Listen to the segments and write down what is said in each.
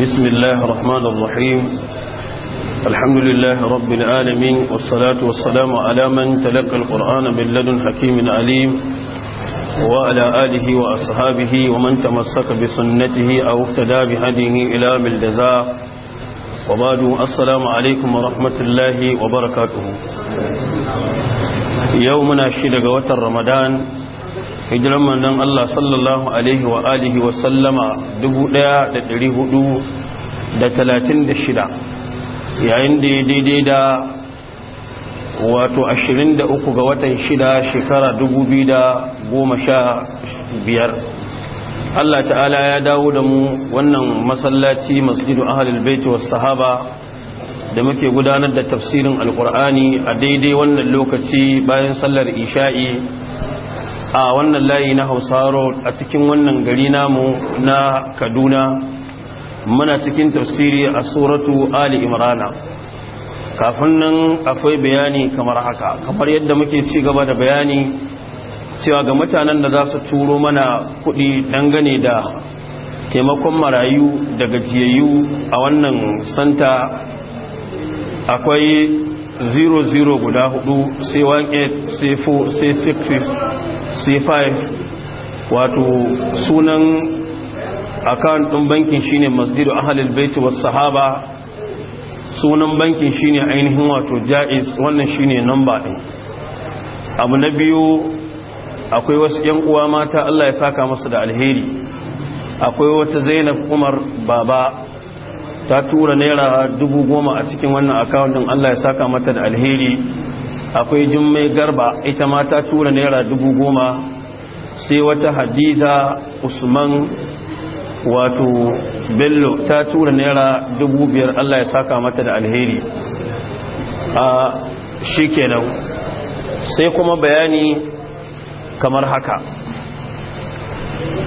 بسم الله الرحمن الرحيم الحمد لله رب العالمين والصلاة والسلام على من تلقى القرآن من لدن حكيم عليم وعلى آله وأصحابه ومن تمسك بسنته أو اقتدى بهديه إلى بالجزاء وبعد السلام عليكم ورحمة الله وبركاته يومنا شدق وتر رمضان hijiran mandan Allah sallallahu alaihi wa alihi wa sallama 1436 yayin da ya daidai da wato 23 ga watan 6 shekara 2015 Allah ta'ala ya dawo da mu wannan masallaci masjidu ahlul baiti was sahaba da muke gudanar da tafsirin alkur'ani a daidai wannan lokaci bayan sallar isha'i a wannan layi na hausaro a cikin wannan gari namu na kaduna muna cikin tafsiri a suratu ali imrana kafin nan akwai bayani kamar haka kamar yadda muke ci gaba da bayani cewa ga mutanen da za su turo mana kuɗi dangane da taimakon marayu da gajiyayyu a wannan santa akwai 00 guda hudu sai 1 sai 4 sai 6 c wato sunan akan ɗin bankin shine masjidu ahalil baiti wasu sahaba sunan bankin shine ainihin wato jaiz wannan shine number ɗin abu na biyu akwai wasu yan uwa mata Allah ya saka masu da alheri akwai wata Zainab Umar baba ta tura naira dubu goma a cikin wannan account Allah ya saka mata da alheri akwai jummai garba ita ma ta tura naira dubu goma sai wata hadiza usman wato bello ta tura naira dubu biyar allah ya saka mata da alheri a kenan sai kuma bayani kamar haka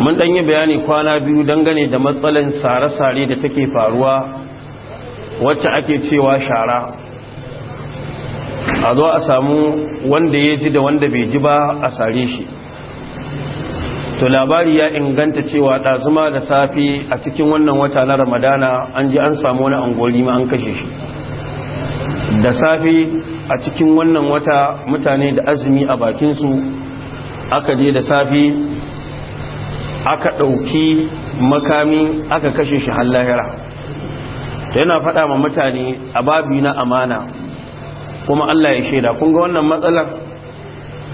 mun ɗanyi bayani kwana biyu dangane da matsalan sare-sare da take faruwa wacce ake cewa shara a zo a samu wanda ya ji da wanda bai ji ba a sare shi to labari ya inganta cewa ɗazuma da safi a cikin wannan wata na ramadana an ji an samu wani angoli ma an kashe shi da safi a cikin wannan wata mutane da azumi a bakinsu aka je da safi aka ɗauki makami aka kashe shi har lahira yana faɗa ma mutane a babi na amana kuma Allah ya shaida kun ga wannan matsalar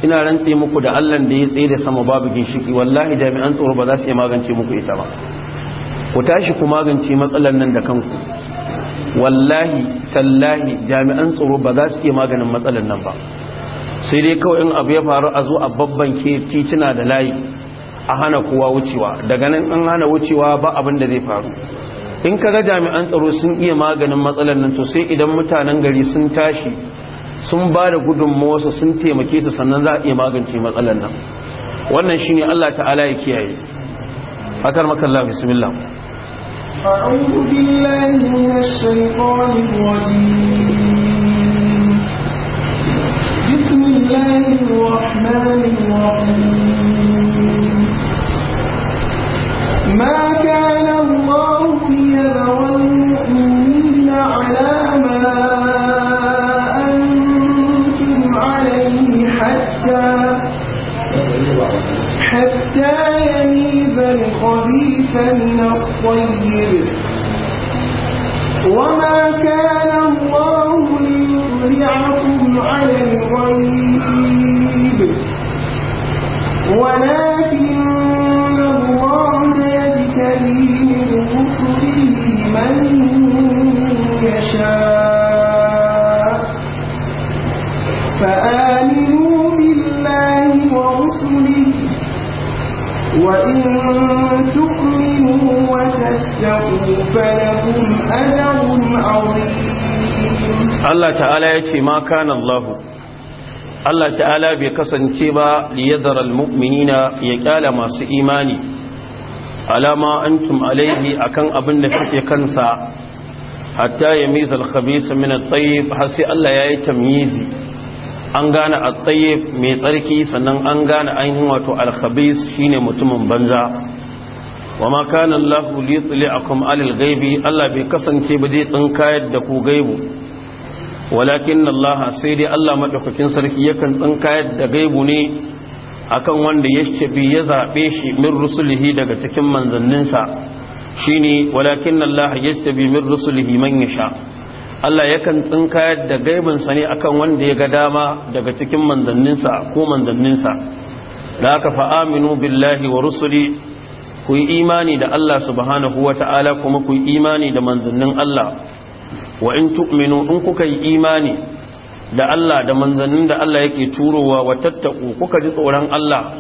ina rantse muku da Allah da ya tsaye da sama babu ginshiki wallahi jami'an tsoro ba za su iya magance muku ita ba ku tashi ku magance matsalar nan da kanku wallahi tallahi jami'an tsaro ba za su iya maganin matsalar nan ba sai dai kawai in abu ya faru a zo a babban ke titina da layi a hana kowa wucewa daga nan an hana wucewa ba abin da zai faru in kaga jami'an tsaro sun iya maganin matsalar nan to sai idan mutanen gari sun tashi sun ba da gudunmawarsa sun taimake su sannan za a iya magance matsalar nan wannan shi ne Allah ta'ala ya kiyaye fatar makalla bismillah أعوذ بالله من الشيطان الرجيم بسم الله الرحمن الرحيم ما كان حتى يميز الخبيث من الطيب وما كان الله ليطلعكم على الغيب ولا Allah ta'ala ya ce ma kanallahu. Allah ta'ala bai kasance ba liyadar al-mu'minina ya kyala masu imani alama antum alaihi akan abin da suke kansa hatta ya miza al-khabisa min at Allah ya yi tamyizi an gane at-tayyib mai tsarki sannan an gane ainihin wato al shine mutumin banza wa ma kana Allah li yutli'akum 'alal ghaibi Allah bai kasance ba zai tsinkayar da ku gaibu walakin Allah sai dai Allah madaukakin sarki yakan tsinkayar da gaibu ne akan wanda ya bi ya zabe shi min rusulihi daga cikin manzanninsa shine walakin Allah yastabi min rusulihi man yasha Allah yakan tsinkayar da gaibinsa ne akan wanda ya ga dama daga cikin manzanninsa ko manzanninsa da aka Aminu billahi wa rusuli ku yi imani da Allah subhanahu wa ta'ala kuma ku yi imani da manzannin Allah wa in tu'minu in kuka yi imani da Allah da manzannin da Allah yake turowa wa tattaku kuka ji tsoron Allah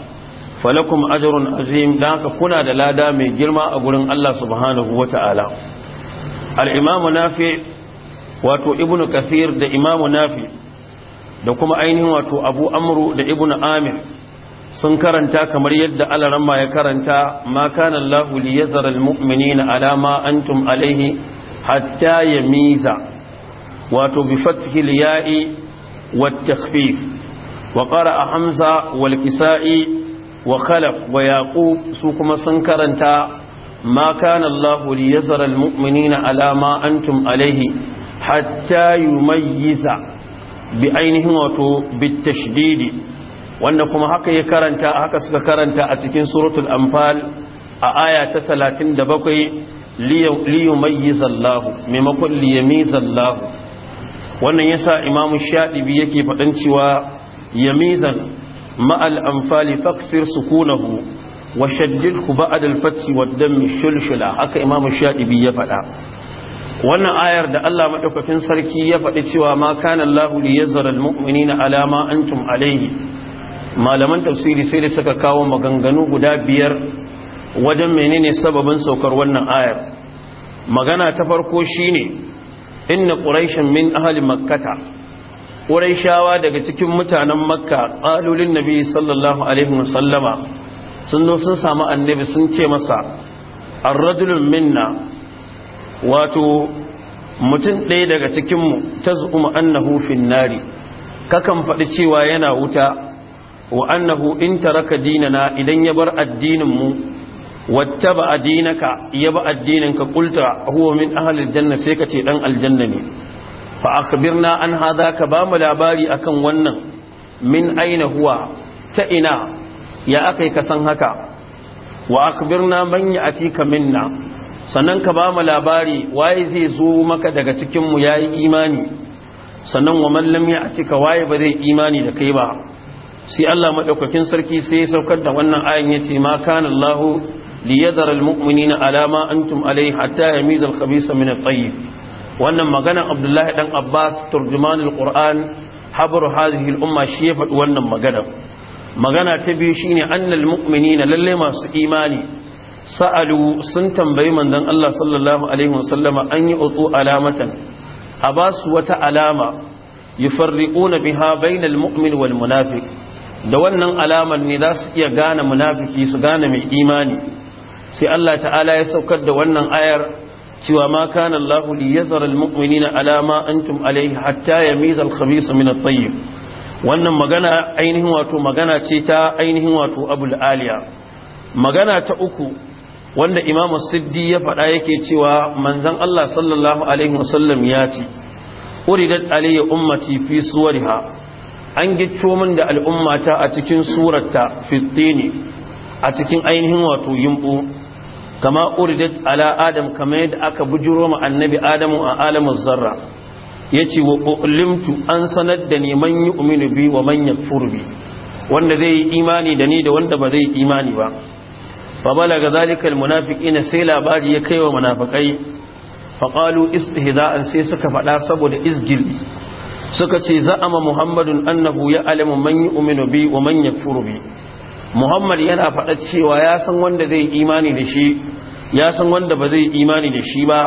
falakum ajrun azim dan haka kuna da lada mai girma a gurin Allah subhanahu wa ta'ala al nafi wato ibnu kathir da imamu nafi da kuma ainihin wato abu amru da ibnu amir sun karanta kamar yadda alarama ya karanta ma kana Allahu li yazara almu'minina ala ma antum alaihi hatta yamiza wato bi fathi al wat takhfif wa qara'a hamza wal kisa'i wa khalaf wa yaqub su kuma sun karanta ma kana Allahu li yazara almu'minina ala ma antum alaihi hatta yumayyiza bi ainihi wato bit tashdidi wanda kuma haka ya karanta haka suka karanta a cikin suratul anfal a aya ta 37 liyumayyizallahu maimakon liyamizallahu wannan yasa imamu shadibi yake faɗin cewa yamizan ma'al anfali faksir sukunahu wa shaddidhu ba'da al-fathi wad-dammi shulshula haka imamu shadibi ya faɗa wannan ayar da Allah madaukakin sarki ya faɗi cewa ma kana Allahu liyazara al-mu'minina ala ma antum alayhi malaman tafsiri sai da suka kawo maganganu guda biyar wajen menene sababin saukar wannan ayar magana ta farko shine inna quraishan min ahli makkata quraishawa daga cikin mutanen makka qalulin nabi sallallahu alaihi wasallama sun zo sun samu annabi sun ce masa arrajulun minna wato mutum ɗaya daga cikinmu ta zuɓuma annahu finnari kakan faɗi cewa yana wuta wa annahu in taraka dinana idan ya bar addinin mu wattaba adinaka ya ba addinin ka qulta huwa min ahli aljanna sai ka ce dan aljanna ne fa akhbirna an hadha ka ba mu labari akan wannan min aina huwa ta ina ya akai ka san haka wa akhbirna man ya'tika minna sannan ka ba mu labari waye zai zo maka daga cikin mu yayi imani sannan wa man lam ya'tika waye ba zai imani da kai ba sai Allah madaukakin sarki sai ya saukar da wannan ayan yace ma kana Allah li yadhara almu'minina ala ma antum alayhi hatta yamiza alkhabisa min at-tayyib wannan magana Abdullahi dan Abbas turjuman alquran habru hadhihi al-umma shi ya faɗi wannan magana magana ta biyu shine annal mu'minina lalle masu imani sa'alu sun tambayi manzon Allah sallallahu alaihi wasallama an yi utsu alamatan a basu wata alama yufarriquna biha bainal mu'min wal munafiq da wannan alamar ne za su iya gane munafiki su gane mai imani sai Allah ta'ala ya saukar da wannan ayar cewa ma kana Allah li yazara almu'minina ala ma antum alayhi hatta yamiza al-khabith min at-tayyib wannan magana ainihin wato magana ce ta ainihin wato abul aliya magana ta uku wanda imamu siddi ya faɗa yake cewa manzon Allah sallallahu alaihi wasallam ya ce uridat alayya ummati fi suwariha an gicco min da al'ummata a cikin surata fitini a cikin ainihin wato yimbu kama uridat ala adam kama yadda aka bujiro ma annabi adamu a alamin zarra ya ce wa ƙulimtu an sanar da ne man yi uminu bi wa manyan furbi. wanda zai yi imani da ni da wanda ba zai yi imani ba fa balaga zalika na sai labari ya kai wa munafikai fa qalu istihza'an sai suka faɗa saboda izgil. suka ce za a ma muhammadun annahu ya alimu man yu'minu bi wa man furubi bi muhammad yana faɗa cewa ya san wanda zai imani da shi ya san wanda ba zai imani da shi ba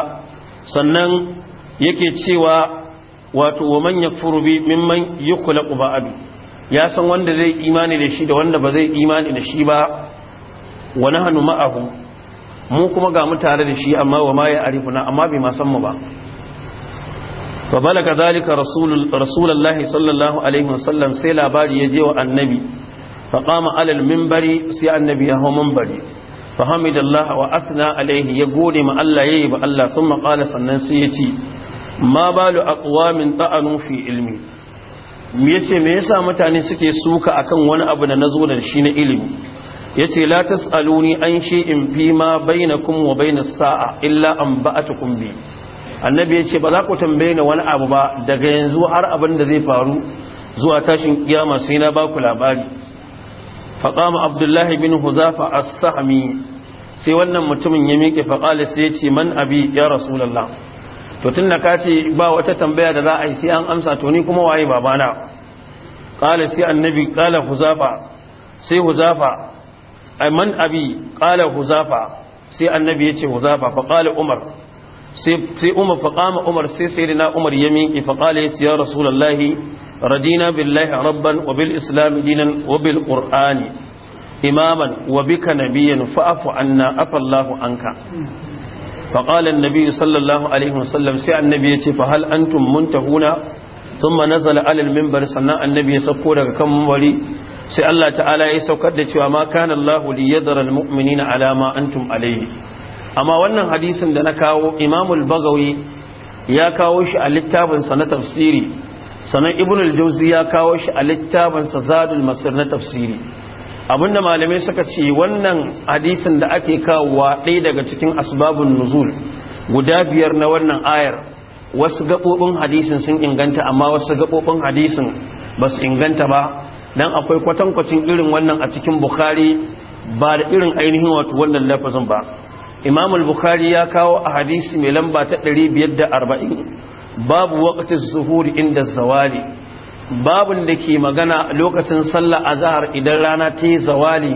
sannan yake cewa wato wa man yakfuru bi kula ba ba'du ya san wanda zai imani da shi da wanda ba zai imani da shi ba Wani hannu ma'ahu mu kuma ga mu tare da shi amma wa ma ya arifuna amma bai ma san mu ba fa balaga zalika rasulullahi sallallahu alaihi wasallam sai labari ya je wa annabi fa qama alal minbari sai annabi ya hawo minbari fa hamidallahi wa asna alaihi ya gode ma Allah yayi ba Allah summa qala sannan sai ya ce ma balu aqwamin ta'anu fi ilmi yace me yasa mutane suke suka akan wani abu da nazo da shi na ilimi yace la tasaluni an shay'in fi ma bainakum wa bainas sa'a illa an ba'atukum bi annabi ya ce ba za ku tambaye ni wani abu ba daga yanzu har abin da zai faru zuwa tashin kiyama sai na ba ku labari faqama abdullahi bin huzafa as-sahmi sai wannan mutumin ya miƙe faqala sai ya ce man abi ya rasulullah to tunda ka ce ba wata tambaya da za a yi sai an amsa to ni kuma waye babana qala sai annabi qala huzafa sai huzafa ai man abi qala huzafa sai annabi ya ce huzafa faqala umar sai umar faƙama umar sai sai na umar ya miƙe faƙala ya siya rasulallahi radina billahi rabban wa bil islam dinan wa bil qur'ani imaman wa bika nabiyyan fa'fu anna afallahu anka faƙala annabi sallallahu alaihi wasallam sai annabi ya ce fa hal antum muntahuna thumma nazala ala mimbar minbar sannan annabi ya sauko daga kan minbari sai Allah ta'ala ya saukar da cewa ma kana Allahu liyadhara al mu'minina alama antum alayhi amma wannan hadisin da na kawo imamul bagawi ya kawo shi a littafinsa na tafsiri sannan ibnul al ya kawo shi a littafinsa zadul masir na tafsiri abinda malamai suka ce wannan hadisin da ake kawowa ɗaya daga cikin asbabun nuzul guda biyar na wannan ayar wasu gaɓoɓin hadisin sun inganta amma wasu gaɓoɓin hadisin ba su inganta ba dan akwai kwatankwacin irin wannan a cikin bukhari ba da irin ainihin wato wannan lafazin ba imam al-bukhari ya kawo a hadisi mai lamba ta 540 babu waqtis zuhuri inda zawali babun da ke magana lokacin sallah azhar idan rana ta yi zawali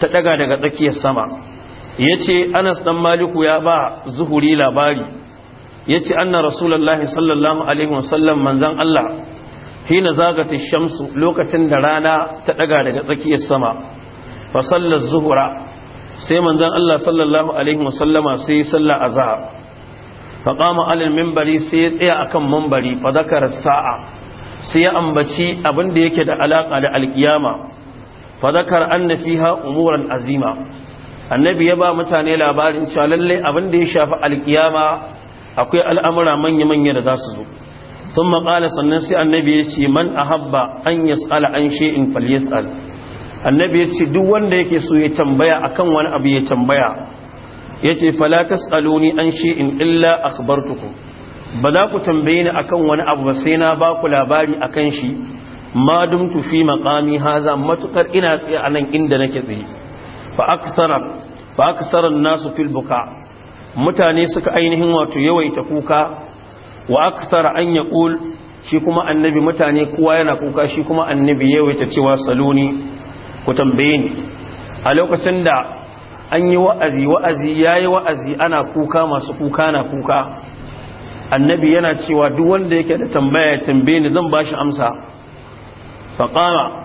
ta daga daga tsakiyar sama yace Anas dan Maliku ya ba zuhuri labari yace anna rasulullahi sallallahu alaihi wasallam manzon Allah hina zagati shamsu lokacin da rana ta daga daga tsakiyar sama fa sallar zuhura sai manzon Allah sallallahu alaihi wasallama sai sallah azhar fa qama ala minbari sai ya tsaya a kan mambari. Faɗakar sa'a sai ya ambaci abin da yake da alaƙa da alƙiyama. Faɗakar an na fiha umuran azima annabi ya ba mutane labarin cewa lallai abin da ya shafi alƙiyama akwai al'amura manya manya da za su zo sun maƙala sannan sai annabi ya ce man habba an yas'ala an shay'in falyas'al annabi ya ce duk wanda yake so ya tambaya akan wani abu ya tambaya ya ce fala aluni an in illa akhbartukum ba za ku tambaye ni akan wani abu ba sai na ba ku labari akan shi ma dumtu fi maqami haza matukar ina tsaye a nan inda nake tsaye fa aksara fa aksara nasu fil buka mutane suka ainihin wato yawaita kuka wa aksara an yaqul shi kuma annabi mutane kowa yana kuka shi kuma annabi yawaita cewa saluni ku tambaye ni a lokacin da an yi wa'azi wa'azi ya yi wa'azi ana kuka masu kuka na kuka annabi yana cewa duk wanda yake da tambaya tambaye ni zan bashi amsa faƙama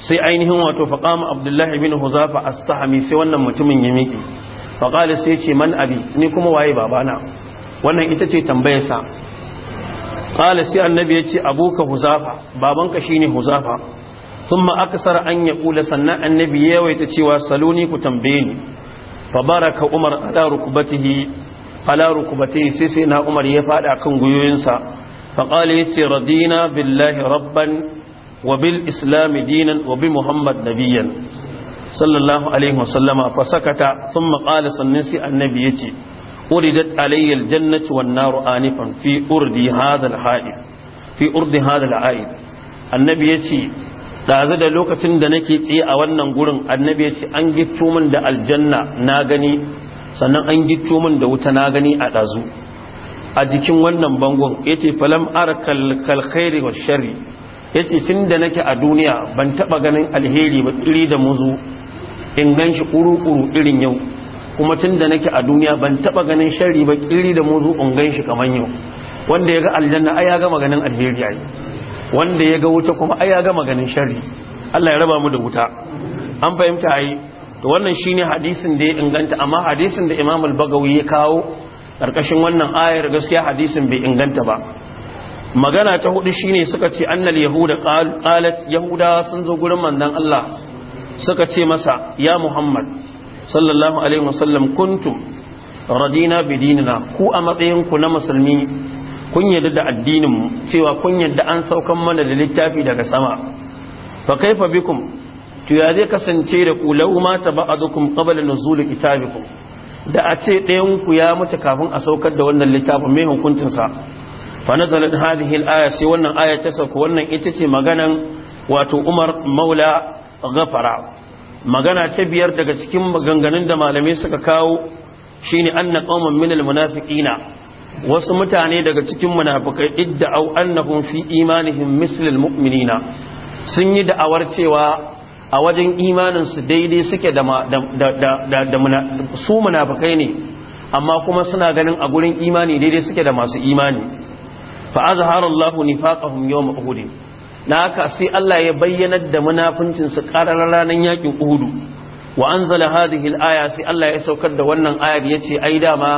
sai ainihin wato faƙama abdullahi bin huzafa astahami sai wannan mutumin ya miki faƙali sai ce man abi ni kuma waye babana wannan ita ce tambayarsa ƙala sai annabi ya ce abuka huzafa babanka shine huzafa thumma aksara an yaqula sannan annabi yawaita cewa saluni ku tambaye fa baraka umar ala rukbatihi ala rukbatihi sai sai na umar ya fada kan guyoyinsa fa qala yace radina billahi rabban wa bil islam dinan wa bi muhammad nabiyyan sallallahu alaihi wasallama fa sakata thumma qala sannan sai annabi yace uridat alayya aljannatu urdi annabi ɗazu da lokacin da nake tsaye a wannan gurin annabi ya ce an gitto min da aljanna na gani sannan an gitto min da wuta na gani a ɗazu a jikin wannan bangon ya ce falam ara khairi wa shari ya ce tun da nake a duniya ban taɓa ganin alheri ba tsiri da muzu in gan shi ƙuru-ƙuru irin yau kuma tun da nake a duniya ban taɓa ganin shari ba tsiri da muzu in gan shi kamar yau wanda ya ga aljanna ai ya gama ganin alheri ai wanda ya ga wuta kuma ai ya ga maganin sharri Allah ya raba mu da wuta an fahimta ai to wannan shine hadisin da ya inganta amma hadisin da Imam al-Bagawi ya kawo karkashin wannan ayar gaskiya hadisin bai inganta ba magana ta hudu shine suka ce annal yahuda qalat yahuda sun zo gurin manzon Allah suka ce masa ya Muhammad sallallahu alaihi wasallam kuntum radina bidinina ku a matsayin ku na musulmi kun yadda da addinin cewa kun yadda an saukan mana da littafi daga sama fa kaifa bikum to ya zai kasance da ku law ma taba'adukum qabla nuzul kitabikum da a ce ɗayan ku ya mutu kafin a saukar da wannan littafin mai hukuncin sa fa nazalat hadhihi al-aya sai wannan aya ta sauka wannan ita ce maganan wato Umar Maula Ghafara magana ta biyar daga cikin maganganun da malamai suka kawo shine anna qauman minal munafiqina wasu mutane daga cikin munafikai au annahum fi imanihim mislil mu'minina sun yi da'awar cewa a wajen imanin su daidai suke da su munafikai ne amma kuma suna ganin a gurin imani daidai suke da masu imani fa azharallahu nifaqahum yawm uhud na haka sai Allah ya bayyanar da munafincin su ranar yakin uhud wa anzala hadhihi al-aya sai Allah ya saukar da wannan ayar yace ai dama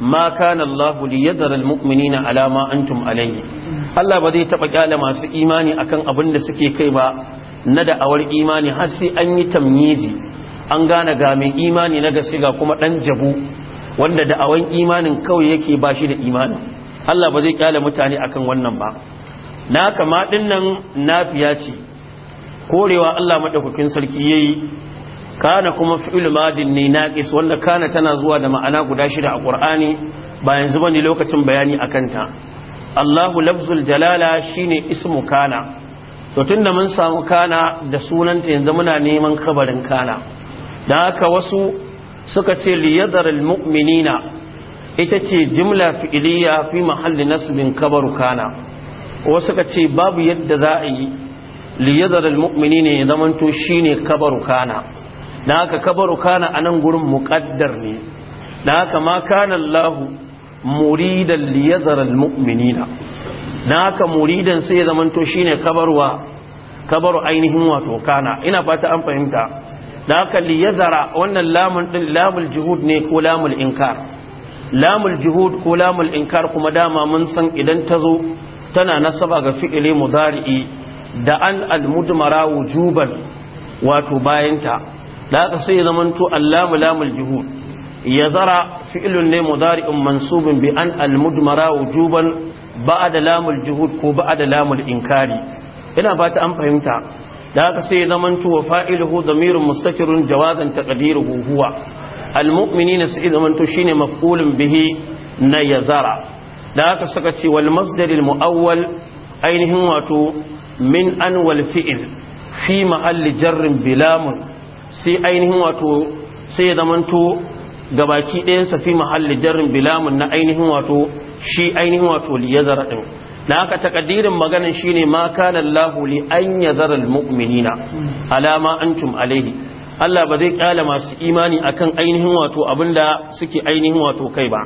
ma kana Allahu li yadhara almu'minina ala antum alayhi Allah ba zai taɓa kyale masu imani akan abin da suke kai ba na da'awar imani har sai an yi tamyizi an gane ga mai imani na gaske ga kuma dan jabu wanda da'awar imanin kawai yake ba shi da imani Allah ba zai kyale mutane akan wannan ba na kama dinnan nafiya ce korewa Allah madaukakin sarki yayi kana kuma fi'il madin ne naƙis, wanda kana tana zuwa da ma'ana guda shida a Kur'ani, ba yanzu bane lokacin bayani a kanta. Allahu Labzul jalala shine ismu kana to tunda mun samu kana da sunanta yanzu muna neman kabarin kana Da haka wasu suka ce al mu'minina ita ce jimla fi'iliya fi mahalli nasbin kabaru kana wasu suka ce babu yadda za a yi liyadharul mu'minina ya zamanto shine kabaru kana na haka kabaru kana a nan gurin muƙaddar ne na haka ma kana muridan liyazar almu'minina na haka muridan sai ya zamanto shine kabarwa kabaru ainihin wato kana ina fata an fahimta na haka liyazara wannan lamun ɗin lamul jihud ne ko lamul inkar lamul jihud ko lamul inkar kuma dama mun san idan ta zo tana nasaba ga fi'ili mudari'i da an almudmara wujuban wato bayanta da aka sai ya zamanto allamu lamul juhud ya zara fi'ilun ne mudari'un mansubin bi an almudmara wujuban ba'da lamul juhud ko ba'da lamul inkari ina ba ta an fahimta da haka sai ya zamanto wa fa'iluhu damirun mustakirun jawazan taqdiruhu huwa almu'minina sai ya zamanto shine maf'ulun bihi na yazara da aka saka ce wal masdaril muawwal ainihin wato min an wal fi'il fi mahalli jarrin bilamun sai ainihin wato sai ya zamanto gabaki ɗayan safi mahalli jarin bilamun na ainihin wato shi ainihin wato li ya zara ɗin na haka takaddirin maganin shi ne ma kana lahu li an ya zara mu'minina alama antum alaihi Allah ba zai kyala masu imani akan ainihin wato abinda suke ainihin wato kai ba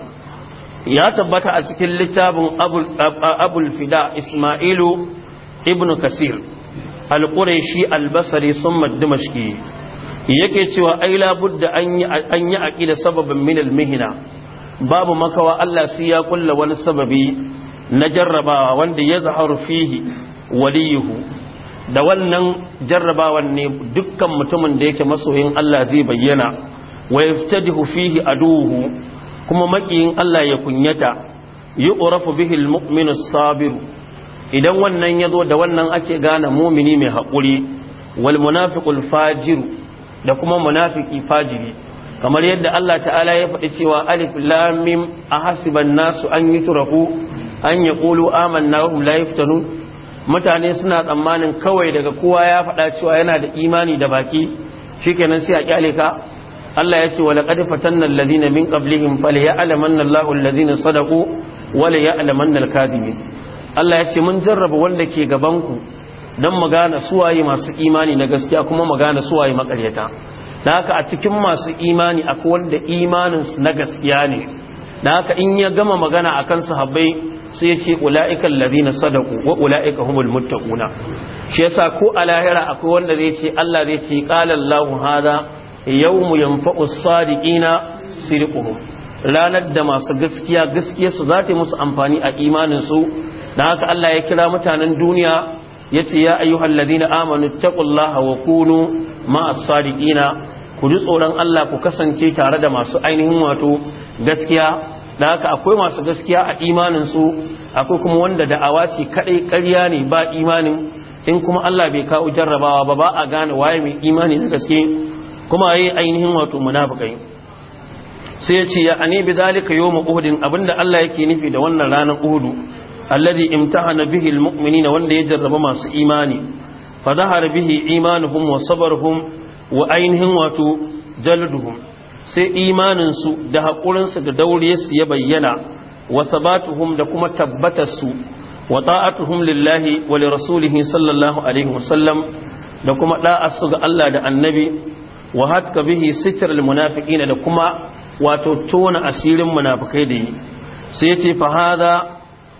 ya tabbata a cikin littafin abul fida ismailu ibn kasir al albasari al-basri summa dimashqi yake cewa ai labudda an yi aqida sababan min almihna babu makawa Allah sai ya kulla wani sababi na jarrabawa wanda ya zaharu fihi waliyuhu da wannan jarrabawan ne dukkan mutumin da yake masoyin Allah zai bayyana wa yaftadihu fihi aduhu kuma makiyin Allah ya kunyata yu'rafu bihi almu'minu as-sabir idan wannan yazo da wannan ake gane mumini mai haƙuri wal munafiqul fajiru da kuma munafiki fajiri kamar yadda Allah ta'ala ya faɗi cewa alif lam mim ahasiban nasu an yutraku an yaqulu amanna wa la yuftanun mutane suna tsammanin kawai daga kowa ya faɗa cewa yana da imani da baki shikenan sai a kyale ka Allah ya ce walaqad fatanna alladhina min qablihim falya'lamanna Allahu alladhina sadaqu wa liya'lamanna al-kadhibin Allah ya ce mun jarraba wanda ke gaban ku don magana suwaye masu imani na gaskiya kuma magana suwaye makaryata da haka a cikin masu imani akwai wanda imaninsu na gaskiya ne da haka in ya gama magana a kan sahabbai sai ya ce ula'ikan ladina sadaku wa ula'ika humul muttaquna shi yasa ko a lahira akwai wanda zai ce Allah zai ce qala Allahu hada yawmu yanfa'u as-sadiqina sirquhum ranar da masu gaskiya gaskiyarsu za ta yi musu amfani a imaninsu da haka Allah ya kira mutanen duniya yace ya ayyuhal ladina amanu taqullaha wa kunu ma'as sadiqina ku ji tsoron Allah ku kasance tare da masu ainihin wato gaskiya da haka akwai masu gaskiya a imanin su akwai kuma wanda da'awa ce kadai ƙarya ne ba imanin in kuma Allah bai kawo jarrabawa ba ba a gane waye mai imani na gaske kuma yayi ainihin wato munafikai sai ya ce ya ani bi zalika yawm uhud abinda Allah yake nufi da wannan ranar uhudu alladhi imtahana bihi almu'minina wanda ya jarraba masu imani fa zahara bihi imanuhum wa sabruhum wa ainihin wato jalduhum sai imanin su da hakurin su da dauriyar su ya bayyana wa sabatuhum da kuma tabbatar su wa ta'atuhum lillahi wa li rasulihi sallallahu alaihi wasallam da kuma da'ar su ga Allah da annabi wa hatka bihi sitral munafiqina da kuma wato tona asirin munafikai da yi sai yace fa hada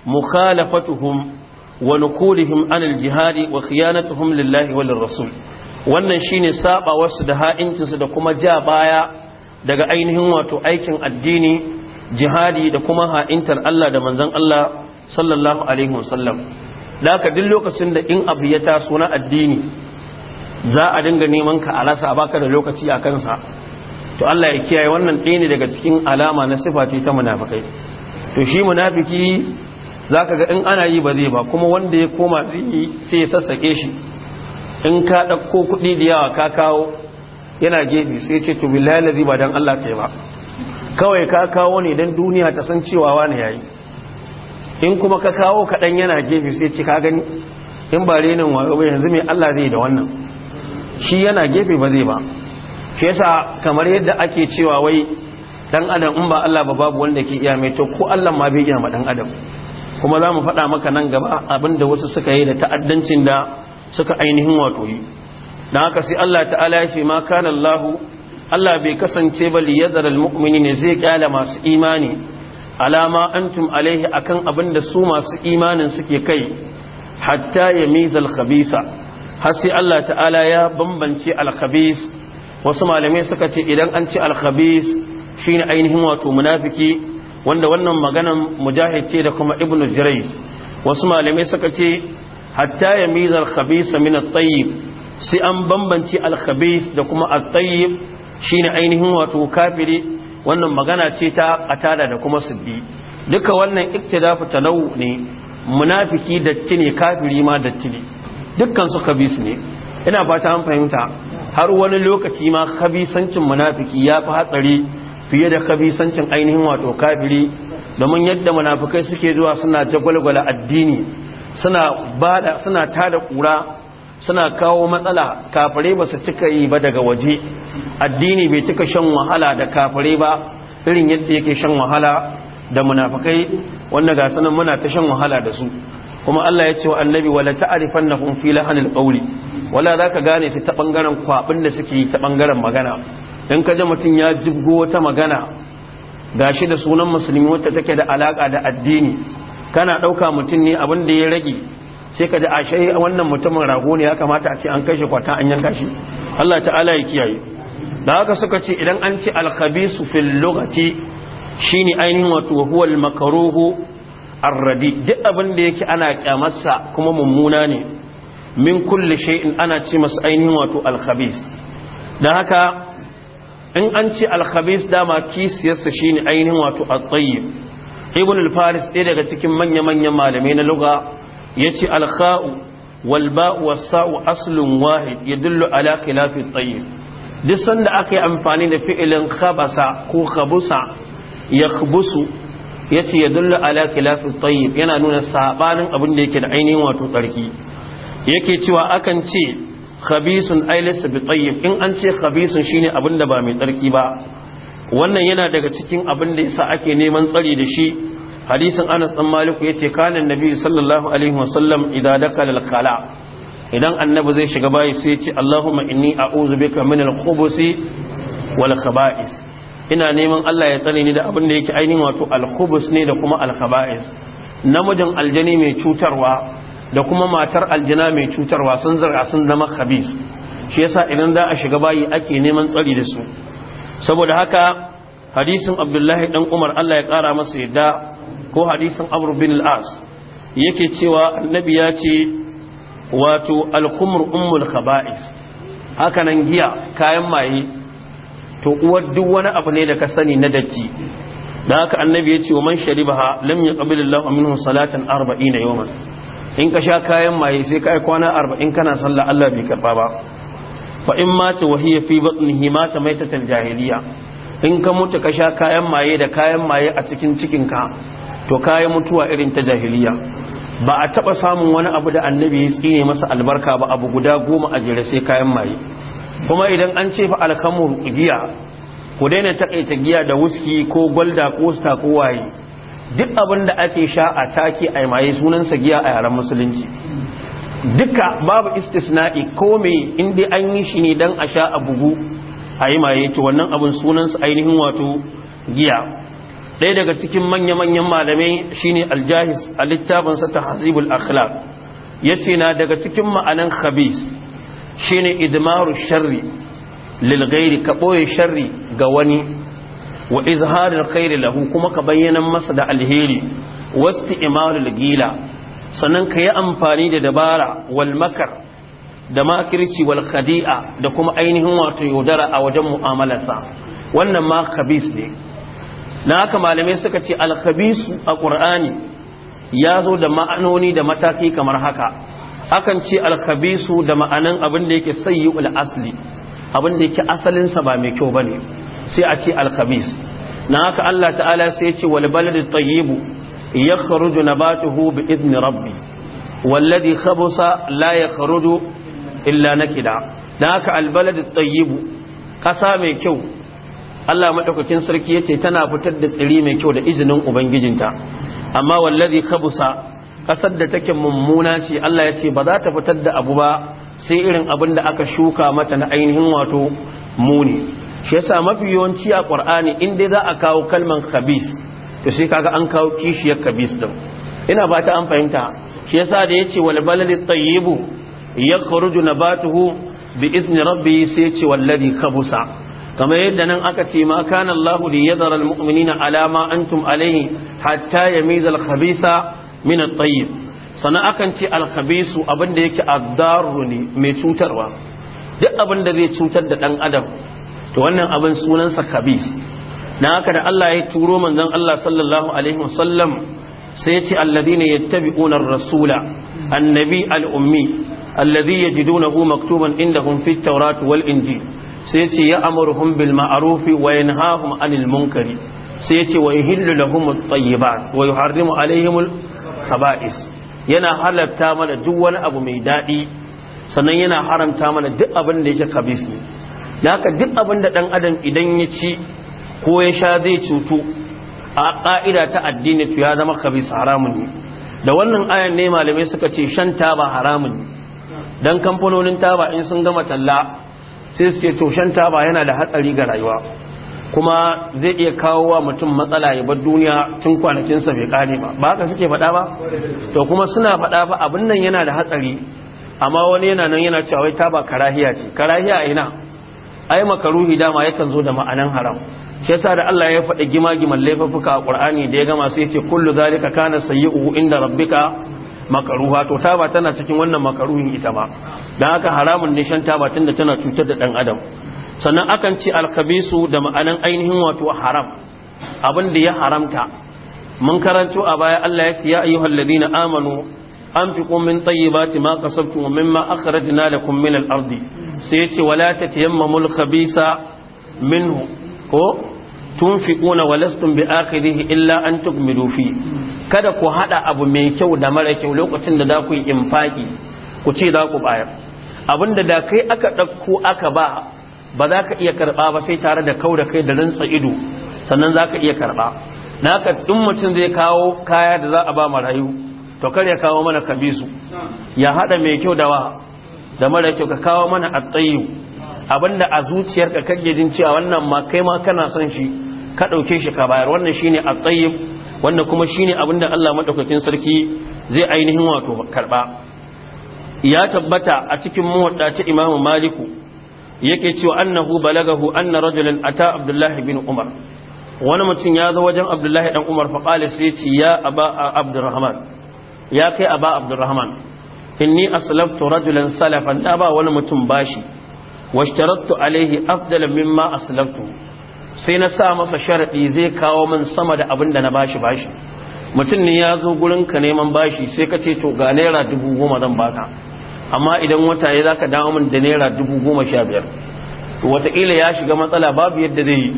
mukhalafatuhum wa nukulihim anil jihadi wa khiyanatuhum lillahi wa lirrasul wannan shine saba wasu da su da kuma ja baya daga ainihin wato aikin addini jihadi da kuma ha'intar Allah da manzon Allah sallallahu alaihi wasallam da ka duk lokacin da in abu ya taso na addini za a dinga neman ka a a baka da lokaci a kansa to Allah ya kiyaye wannan ɗaya daga cikin alama na sifati ta munafikai to shi munafiki za ka ga in ana yi ba zai ba kuma wanda ya koma sai ya sassaƙe shi in ka ɗakko kuɗi da yawa ka kawo yana gefe sai ce to billahi lazi ba dan Allah kai ba kawai ka kawo ne don duniya ta san cewa wani yayi in kuma ka kawo kaɗan yana gefe sai ce ka gani in ba renin wayo ba yanzu mai Allah zai da wannan shi yana gefe ba zai ba shi yasa kamar yadda ake cewa wai dan adam in ba Allah ba babu wanda ke iya mai to ko Allah ma bai iya ma dan adam kuma za mu faɗa maka nan gaba abinda wasu suka yi da ta'addancin da suka ainihin wato yi don haka sai Allah ta'ala ya ce ma Allah Allah bai kasance ba li yadar ne zai kyala masu imani alama antum alaihi akan abinda su masu imanin suke kai hatta yamizal khabisa har sai Allah ta'ala ya bambance al-khabis wasu malamai suka ce idan an ce al-khabis shine ainihin wato munafiki wanda wannan maganan mujahid ce da kuma ibnu jirai wasu malamai suka ce hatta ya al khabisa min at-tayyib sai an bambanci al-khabis da kuma at-tayyib shine ainihin wato kafiri wannan magana ce ta qatada da kuma siddi duka wannan iktidafu talaw ne munafiki datti ne kafiri ma datti ne dukkan su khabis ne ina fata an fahimta har wani lokaci ma khabisancin munafiki ya fi hatsari fiye da kabisancin ainihin wato kafiri domin yadda munafukai suke zuwa suna jagwalgwala addini suna bada suna tada kura suna kawo matsala kafare ba su cika yi ba daga waje addini bai cika shan wahala da kafare ba irin yadda yake shan wahala da munafukai wanda ga sanan muna ta shan wahala da su kuma Allah ya ce wa annabi wala ta'rifannahum fi lahanil qawli wala zaka gane su ta bangaren kwabin da suke yi ta bangaren magana in ka mutum ya jibgo wata magana gashi da sunan musulmi wata take da alaka da addini kana ɗauka mutum ne abin da ya rage sai ka ji shai wannan mutumin rago ne ya kamata a ce an kashe kwata an yanka shi Allah ta'ala ya kiyaye da haka suka ce idan an ce alkhabisu fil lughati shine ainihin wato huwa al makruhu arradi duk abin da yake ana kyamarsa kuma mummuna ne min kulli shay'in ana ce masa ainihin wato alkhabis da haka in an ce alkhabis dama kisiyarsa shine ainihin wato a tsaye. ibn al-faris ɗaya daga cikin manya-manyan malamai na luga yace al-kha'u wal wasa'u, was aslun wahid yadullu ala khilafi at duk sanda aka yi amfani da fi'ilin khabasa ko khabusa yakhbusu yace yadullu ala khilafi at tsaye yana nuna saɓanin abin da yake da ainihin wato tsarki yake cewa akan ce khabisun ailis bi tayyib in an ce khabisun shine abin da ba mai tsarki ba wannan yana daga cikin abin da yasa ake neman tsari da shi hadisin Anas dan Malik yace kana annabi sallallahu alaihi wasallam idan dakala al idan annabi zai shiga bayi sai yace Allahumma inni a'udhu bika min al-khubuthi wal khaba'is ina neman Allah ya tsare ni da abin da yake ainihin wato al ne da kuma al namijin aljani mai cutarwa da kuma matar aljina mai cutarwa sun zarga sun zama khabis shi yasa idan da a shiga bayi ake neman tsari da su saboda haka hadisin abdullahi dan umar Allah ya kara masa yadda ko hadisin Abur bin al-as yake cewa annabi ya ce wato al-khumr ummul khaba'is haka nan giya kayan maye to uwar duk wani abu ne da ka sani na datti da haka annabi ya ce wa man sharibaha lam yaqbil Allahu minhu salatan 40 yawman in ka sha kayan maye sai ka yi kwana arba'in kana sallah Allah bai karba ba fa in mata wa hiya fi batnihi mata maitatan jahiliya in ka mutu ka sha kayan maye da kayan maye a cikin cikin ka to kayan mutuwa irin ta jahiliya ba a taba samun wani abu da annabi ya tsine masa albarka ba abu guda goma a jere sai kayan maye kuma idan an ce fa alkamur giya ku daina taƙaita giya da wuski ko gwalda ko sta ko waye duk abin da ake sha a take a maye sunansa giya a yaren musulunci duka babu istisna'i ko mai inda an yi shi ne don a sha a bugu a yi maye ci wannan abin sunansa ainihin wato giya ɗaya daga cikin manya-manyan malamai shine aljahis a littafinsa ta hazibul akhlaq ya ce na daga cikin ma'anan khabis shine idmaru sharri lilgairi ka ɓoye sharri ga wani wa kai khairi lahu kuma ka bayyana masa da alheri wasti imarul gila sannan ka yi amfani da dabara wal makar da makirci wal khadi'a da kuma ainihin wato yaudara a wajen mu'amalarsa wannan ma khabis ne na haka malamai suka ce al khabis a qur'ani ya zo da ma'anoni da mataki kamar haka akan ce alkhabisu da ma'anan abin da yake sayyi'ul asli abin da yake asalinsa ba mai kyau bane sai a ce alkhabis na haka Allah ta'ala sai ya ce wal baladu tayyibu yakhruju nabatuhu bi idni rabbi والذي خبص لا يخرج illa nakida na haka albaladu tayyibu kasa mai kyau Allah madaukakin sarki yace tana fitar da tsiri mai kyau da izinin ubangijinta amma wallazi khabusa kasar da take mummuna ce Allah yace ba za ta fitar da abu ba sai irin abin da aka shuka mata na ainihin wato muni shi yasa mafi yawanci a qur'ani in dai za a kawo kalman khabis to sai kaga an kawo kishiyar khabis din ina ba ta an fahimta shi yasa da yace wal baladi tayyibu yakhruju nabatuhu bi izni rabbi sai yace walladhi khabusa kamar yadda nan aka ce ma kana Allahu li yadhara al mu'minina ala ma antum alayhi hatta yamiza al khabisa min at tayyib sannan akan ce al khabisu abinda yake addaru mai cutarwa duk abinda zai cutar da dan adam to wannan abin sunansa kabis na haka da Allah ya turo manzon Allah sallallahu alaihi wasallam sai ya ce alladhina yattabi'una ar-rasula annabi al-ummi alladhi yajidunahu maktuban indahum fit tawrat wal injil sai ya ce ya'muruhum bil ma'ruf wa yanhahum 'anil munkari sai ya ce wa yuhillu lahum at-tayyibat wa yuharrimu alaihim al-khaba'is yana halatta mana duk wani abu mai dadi sannan yana haramta mana duk abin da yake khabis ne da haka duk abin da ɗan adam idan ya ci ko ya sha zai cutu a ƙa'ida ta addini to ya zama khabis haramun ne da wannan ayan ne malamai suka ce shan taba haramun ne Don kamfanonin taba in sun gama talla sai suke to shan taba yana da hatsari ga rayuwa kuma zai iya kawo wa mutum matsala ya bar duniya tun kwanakinsa bai kare ba ba haka suke faɗa ba to kuma suna faɗa ba abin nan yana da hatsari amma wani yana nan yana cewa wai taba karahiya ce karahiya ina ai makaruhi dama yakan zo da ma'anan haram shi yasa da Allah ya faɗi giman laifuka a Qur'ani da ya gama sai yake kullu zalika kana sayyi'u inda rabbika makaruha to taba tana cikin wannan makaruhin ita ba, dan haka haramun ne shan taba tunda tana cutar da dan adam sannan akan ce alkabisu da ma'anan ainihin wato haram abin da ya haramta mun karanto a baya Allah ya ce ya ayyuhal ladina amanu anfiqu min tayyibati ma kasabtum mimma akhrajna lakum min al-ardi sai ya ce wala ta tayammamul khabisa minhu ko tunfiquna walastum bi illa an tukmilu fi kada ku hada abu mai kyau da mara kyau lokacin da za ku yi infaki ku ce za ku bayar abinda da kai aka dauko aka ba ba za ka iya karɓa ba sai tare da kau da kai da rantsa ido sannan za ka iya karba naka duk mutum zai kawo kaya da za a ba marayu to kar ya kawo mana kabisu ya hada mai kyau da wa da mara kyau ka kawo mana at-tayyib abinda a zuciyarka kake jin cewa wannan ma kai ma kana son shi ka ɗauke shi ka bayar wannan shine a tayyib wannan kuma shine abinda Allah madaukakin sarki zai ainihin wato karba ya tabbata a cikin muwadda ta Imam Maliku yake cewa annahu balagahu anna rajulan ata Abdullahi bin Umar wani mutum ya zo wajen Abdullahi dan Umar fa qala sai ya aba Abdurrahman ya kai aba Abdurrahman inni aslabtu rajulan salafan na ba wani mutum bashi washtarattu alaihi afdala mimma aslabtu sai na sa masa sharadi zai kawo min sama da abin da na bashi bashi mutum ne ya zo gurin ka neman bashi sai ka ce to ga naira dubu goma zan baka amma idan wata ya zaka dawo min da naira dubu goma sha biyar wataƙila ya shiga matsala babu yadda zai yi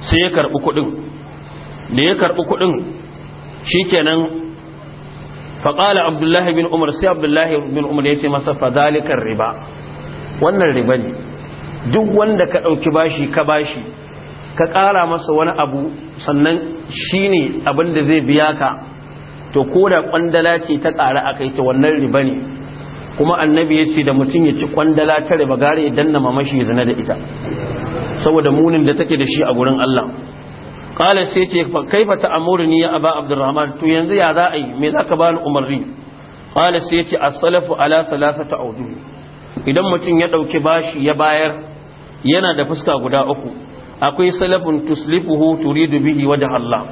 sai ya karɓi kuɗin da ya karɓi kuɗin shikenan faƙala abdullahi bin umar sai abdullahi bin umar ya ce masa fadalikan riba wannan riba ne duk wanda ka ɗauki bashi ka bashi ka ƙara masa wani abu sannan shine abin da zai biya ka to ko da ƙwandala ce ta ƙara a kai ta wannan riba ne kuma annabi yace da mutum ya ci kwandala ta riba gare ya na mamashi zina da ita saboda munin da take da shi a gurin Allah قال sai كيف تأمرني يا ya عبد abdurrahman to yanzu ya za yi me zaka bani umarni qala a ce salafu ala salasata idan mutum ya dauki bashi ya bayar yana da fuska guda uku akwai salafun tuslifuhu turidu bihi wajh Allah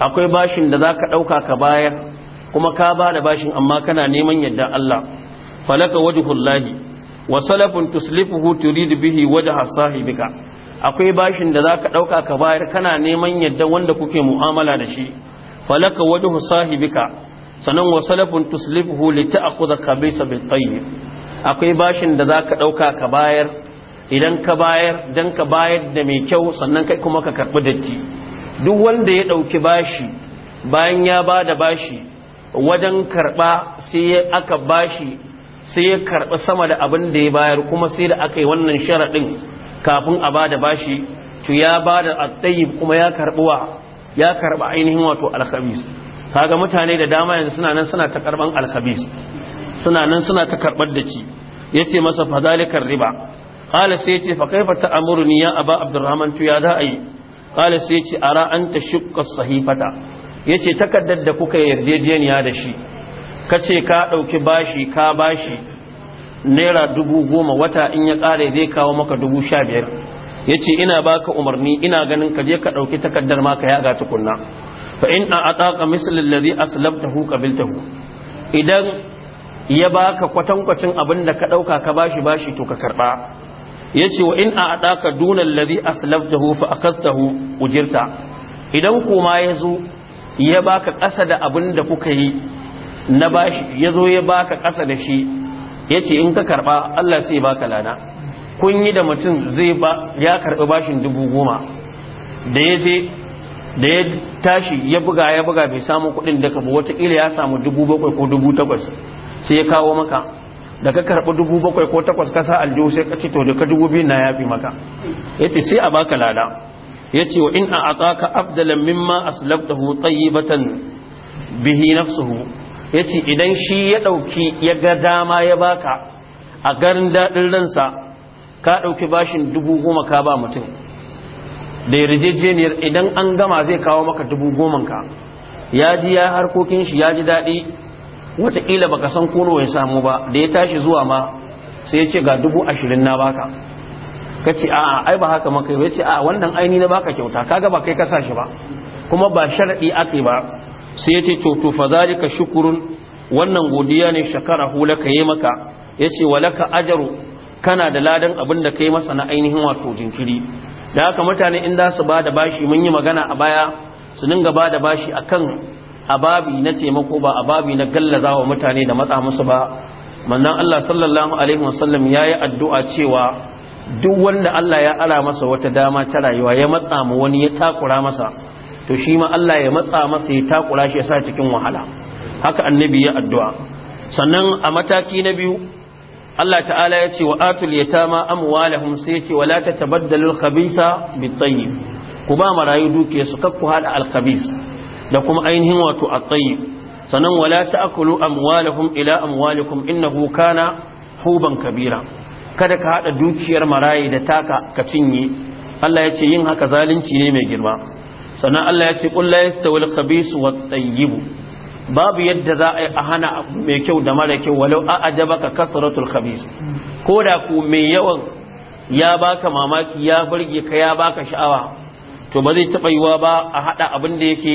akwai bashin da zaka ɗauka ka bayar kuma ka ba da bashin amma kana neman yadda Allah falaka wajhullahi wa salafin tuslifuhu turidu bihi wajh sahibika akwai bashin da zaka ɗauka ka bayar kana neman yadda wanda kuke mu'amala da shi falaka wajhu sahibika sanan wa salafun tuslifuhu li ta'khudha khabisa bil tayyib akwai bashin da zaka ɗauka ka bayar idan ka bayar dan ka bayar da mai kyau sannan kai kuma ka karbi datti duk wanda ya ɗauki bashi bayan ya ba da bashi wajen karba sai ya aka bashi sai ya karba sama da abin da ya bayar kuma sai da aka yi wannan sharadin kafin a bada bashi to ya bada at-tayyib kuma ya karbuwa ya karba ainihin wato al kaga mutane da dama yanzu suna nan suna ta karban al suna nan suna ta karbar da ci yace masa fadalikar riba qala sai yace fa kaifa ta'muruni ya aba abdurrahman to ya za a yi qala sai yace ara anta shukka sahifata yace takaddar da kuka yarjejeniya da shi kace ka dauki bashi ka bashi naira dubu goma wata in ya ƙare zai kawo maka dubu sha biyar ya ce ina baka umarni ina ganin ka je ka ɗauki takardar ma ka yaga tukunna fa in a ataka mislin ladhi aslamtahu qabiltahu idan ya baka kwatankwacin abin da ka ɗauka ka bashi bashi to ka karɓa ya ce wa in a ataka dunan ladhi aslamtahu fa akastahu ujirta idan kuma ya zo ya baka ƙasa da abin da kuka yi na bashi ya zo ya baka ƙasa da shi yace in ka karba Allah sai baka lana kun yi da mutum zai ba ya karbi bashin dubu goma da ya je da ya tashi ya buga ya buga bai samu kuɗin da kabo watakila ya samu dubu bakwai ko dubu takwas sai ya kawo maka da ka karɓi dubu bakwai ko takwas ka sa aljihu sai ka ce to da ka dubu biyu na yafi maka ya ce sai a baka lada ya ce wa in a ataka abdalan mimma aslabtahu tayyibatan bihi nafsuhu ya ce idan shi ya ɗauki ya ga dama ya baka a garin daɗin ransa ka ɗauki bashin dubu goma ka ba mutum da yarjejeniyar idan an gama zai kawo maka dubu goman ka ya ji ya harkokin shi ya ji daɗi wataƙila baka san kono ya samu ba da ya tashi zuwa ma sai ya ce ga dubu ashirin na baka ka ce a'a ai ba haka maka ya ce a wannan aini na baka kyauta kaga ba kai ka shi ba kuma ba sharaɗi ake ba sai yace to to fa zalika shukurun wannan godiya ne shakara hula laka yi maka yace walaka ajru kana da ladan abin da kai masa na ainihin wato jinkiri da haka mutane in za su bada bashi mun yi magana a baya su dinga da bashi akan ababi na taimako ba ababi na gallaza wa mutane da matsa musu ba mannan Allah sallallahu alaihi wasallam yayi addu'a cewa duk wanda Allah ya ara masa wata dama ta rayuwa ya matsa mu wani ya takura masa to shi ma Allah ya matsa masa ya takura shi ya sa cikin wahala haka annabi ya addu'a sannan a mataki na biyu Allah ta'ala ya ce wa atul yatama amwalahum sai ce wala tatabaddalu al-khabisa bit-tayyib ku ba marayu duke su kakku hada al-khabis da kuma ainihin wato at-tayyib sannan wala ta'kulu amwalahum ila amwalikum innahu kana huban kabira kada ka hada dukiyar marayi da taka ka cinye Allah ya ce yin haka zalunci ne mai girma sannan Allah ya ce qul ya yastawi al-khabith wat babu yadda za a hana mai kyau da mara kyau walau a ajabaka kasratul Khabisu. ko da ku mai yawan ya baka mamaki ya burge ka ya baka sha'awa to ba zai taɓa yiwa ba a haɗa abin da yake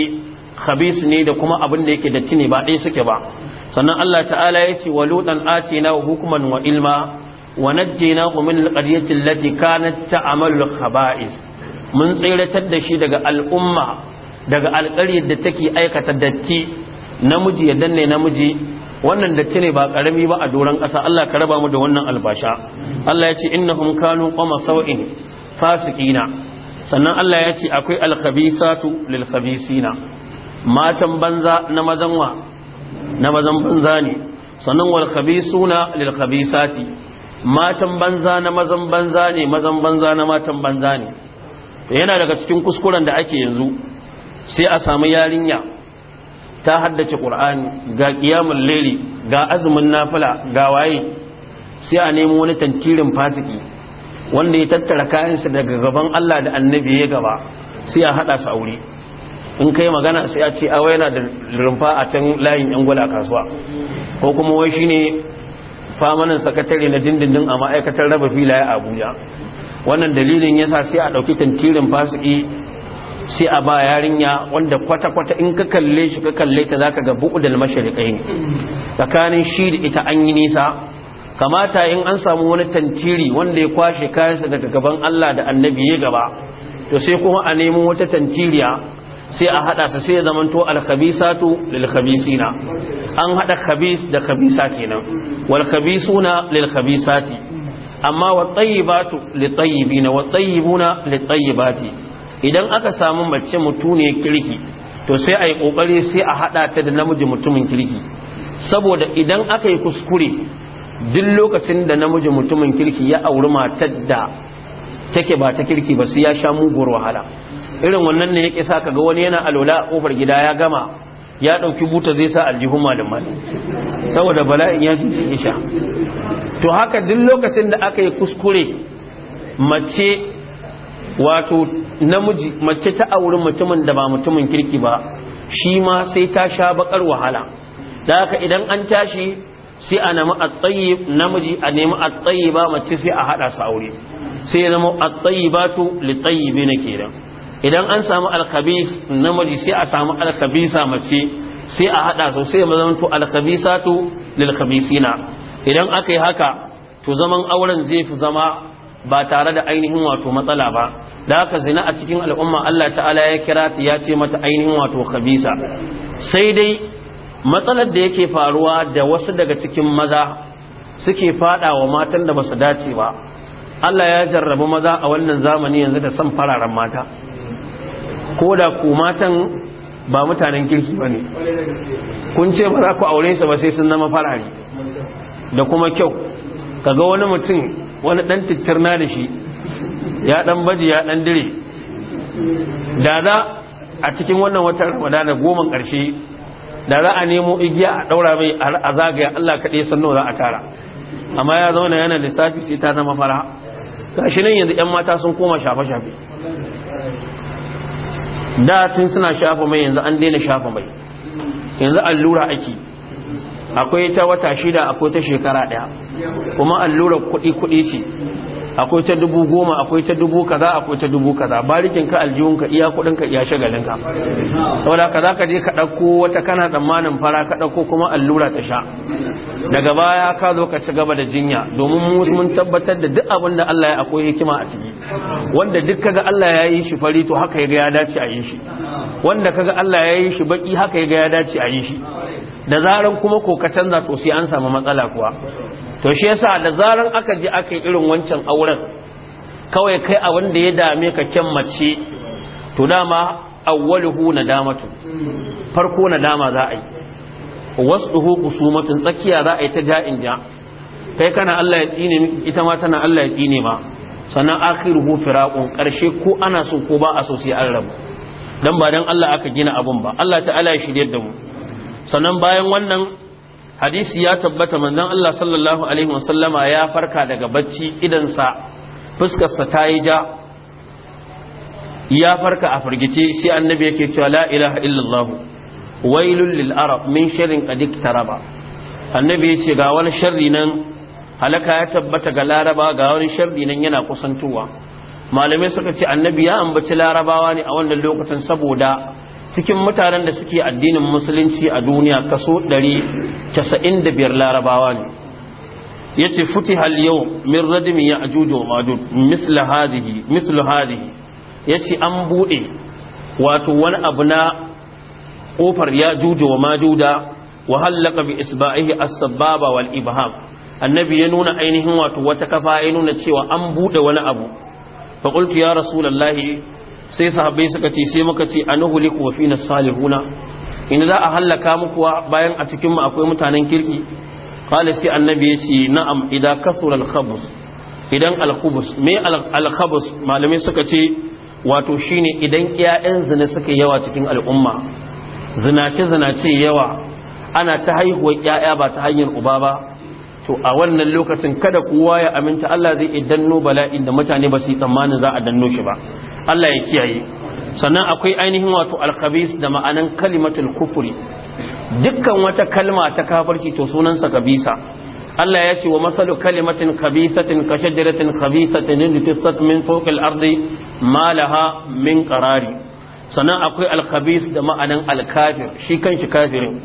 khabis ne da kuma abin da yake datti ne ba ɗaya suke ba sannan Allah ta'ala ya ce wa lutan atina hukuman wa ilma wa ku min alqaryati allati kanat ta'malu khabais mun tseratar da shi daga al'umma daga alƙaryar da take aikata datti namiji ya danne namiji wannan datti ne ba ƙarami ba a doron ƙasa Allah ka raba mu da wannan albasha Allah ya ce innahum kanu qama sawin fasiqina sannan Allah ya ce akwai alkhabisatu lil khabisina matan banza na mazan wa na mazan banza ne sannan wal khabisuna lil khabisati matan banza na mazan banza ne mazan banza na matan banza ne yana daga cikin kuskuren da ake yanzu sai a samu yarinya ta haddace ƙur'ani ga ƙiyamun lere ga azumin nafila ga waye sai a nemo wani tankirin fasiki wanda ya tattara kayansa daga gaban Allah da annabi ya gaba sai a haɗa su aure in kai magana sai a ce a na da rumfa a can layin yan gwala kasuwa ko kuma wai shine famanin sakatare na dindindin a ma'aikatar raba filaye a abuja wannan dalilin yasa sai a ɗauki tantirin fasiki sai a ba yarinya wanda kwata-kwata in ka kalle shi ka kalle ta zaka ga bu'udul mashriqain tsakanin shi da ita an yi nisa kamata in an samu wani tantiri wanda ya kwashe kayansa daga gaban Allah da annabi ya gaba to sai kuma a nemo wata tantiriya sai a hada su sai ya zamanto al-khabisatu lil khabisina an hada khabis da khabisa kenan wal khabisuna lil khabisati amma wa tsayibatu li tayyibina wa tsayibuna li idan aka samu mace mutune kirki to sai ayi kokari sai a hada ta da namiji mutumin kirki saboda idan aka yi kuskure duk lokacin da namiji mutumin kirki ya auri matar da take ba ta kirki ba sai ya sha muguwar wahala irin wannan ne ya yake sa ga wani yana alola a kofar gida ya gama ya ɗauki buta zai sa da malamai saboda bala'in ya ji isha to haka duk lokacin da aka yi kuskure mace wato namiji mace ta auri mutumin da ba mutumin kirki ba shi ma sai ta sha bakar wahala da haka idan an tashi sai a nemi atsayi namiji a nemi atsayi ba mace sai a haɗa su aure sai ya zama atsayi ba to litsayi bi na kenan idan an samu alkabis namiji sai a samu alkabisa mace sai a hada su sai alkabisa to lilkabisina idan aka yi haka to zaman auren zai fi zama ba tare da ainihin wato matsala ba da haka zina a cikin al'umma Allah ta'ala ya kira ta ya ce mata ainihin wato kabisa sai dai matsalar da yake faruwa da wasu daga cikin maza suke fada wa matan da basu dace ba Allah ya jarrabu maza a wannan zamani yanzu da son fararen mata ko da ku matan ba mutanen kirki ba ne kun ce ba za ku aure su ba sai sun zama farari da kuma kyau ka ga wani mutum wani dan tattarna da shi ya dan baji ya dan dire da za a cikin wannan watan ramadana goma karshe da za a nemo igiya a daura mai a zagaya Allah kaɗai sannu za a tara amma ya zauna yana lissafi sai ta zama fara gashi nan yanzu 'yan mata sun koma shafe-shafe da tun suna shafa mai yanzu an daina shafa mai yanzu allura ake akwai ta wata shida akwai ta shekara daya kuma allurar kuɗi kuɗi ce akwai ta dubu goma akwai ta dubu kaza akwai ta dubu kaza barikinka ka aljihunka iya kudinka iya shagalinka saboda ka za ka je ka ɗauko wata kana tsammanin fara ka ɗauko kuma allura ta sha daga baya ka zo ka ci gaba da jinya domin mun tabbatar da duk abin da Allah ya akwai hikima a ciki wanda duk kaga Allah ya yi shi fari to haka ya ga dace a yi shi wanda kaga Allah ya yi shi baki haka ya ga ya dace a yi shi da zaran kuma ko ka canza to sai an samu matsala kuwa to shi yasa da zaran aka ji aka yi irin wancan auren kawai kai abin da ya dame ka kyan mace to dama awwaluhu nadamatu farko nadama za a yi wasduhu qusumatun tsakiya za a yi ta ja'in ja kai kana Allah ya tsine miki ita ma tana Allah ya tsine ma sannan akhiruhu firaqun karshe ko ana so ko ba a so sai an rabu dan ba dan Allah aka gina abun ba Allah ta'ala ya shirye da mu sannan bayan wannan hadisi ya tabbata manzon Allah sallallahu alaihi wasallama ya farka daga bacci idansa fuskarsa ta yi ja ya farka a firgice sai annabi yake cewa la ilaha illallah wailul lil arab min sharrin qad taraba annabi yace ga wani sharri nan halaka ya tabbata ga laraba ga wani sharri nan yana kusantowa malamai suka ce annabi ya ambaci larabawa ne a wannan lokacin saboda cikin mutanen da suke addinin musulunci a duniya kaso 195 larabawa ne ya ce futi yau min radimi ya ajujo madud mislu hadihi ya ce an buɗe wato wani abu na ƙofar ya jujo majuda wa hallaka bi isba'ihi as-sababa wal ibham annabi ya nuna ainihin wato wata kafa ya nuna cewa an buɗe wani abu fa qultu ya rasulullahi sai sahabbai suka ce sai muka ce anuhuliku wa fina salihuna inda za a hallaka muku bayan a cikin mu akwai mutanen kirki qala sai annabi ya ce na'am idan kasura al-khabus idan al-khabus me al-khabus malamai suka ce wato shine idan ƴaƴan zina suka yawa cikin al'umma zinace zinace yawa ana ta haihuwar ƴaƴa ba ta hanyar uba ba to a wannan lokacin kada kowa ya aminta Allah zai danno bala'in da mutane ba su yi tsammanin za a danno shi ba Allah ya kiyaye sannan akwai ainihin wato alkhabis da ma'anan kalimatul kufuri dukkan wata kalma ta kafirci to sunansa kabisa Allah ya ce wa masalu kalimatin kabisatin ka shajaratin kabisatin lutisat min fawqil ardi ma laha min qarari sannan akwai alkhabis da ma'anan alkafir shi kanshi kafirin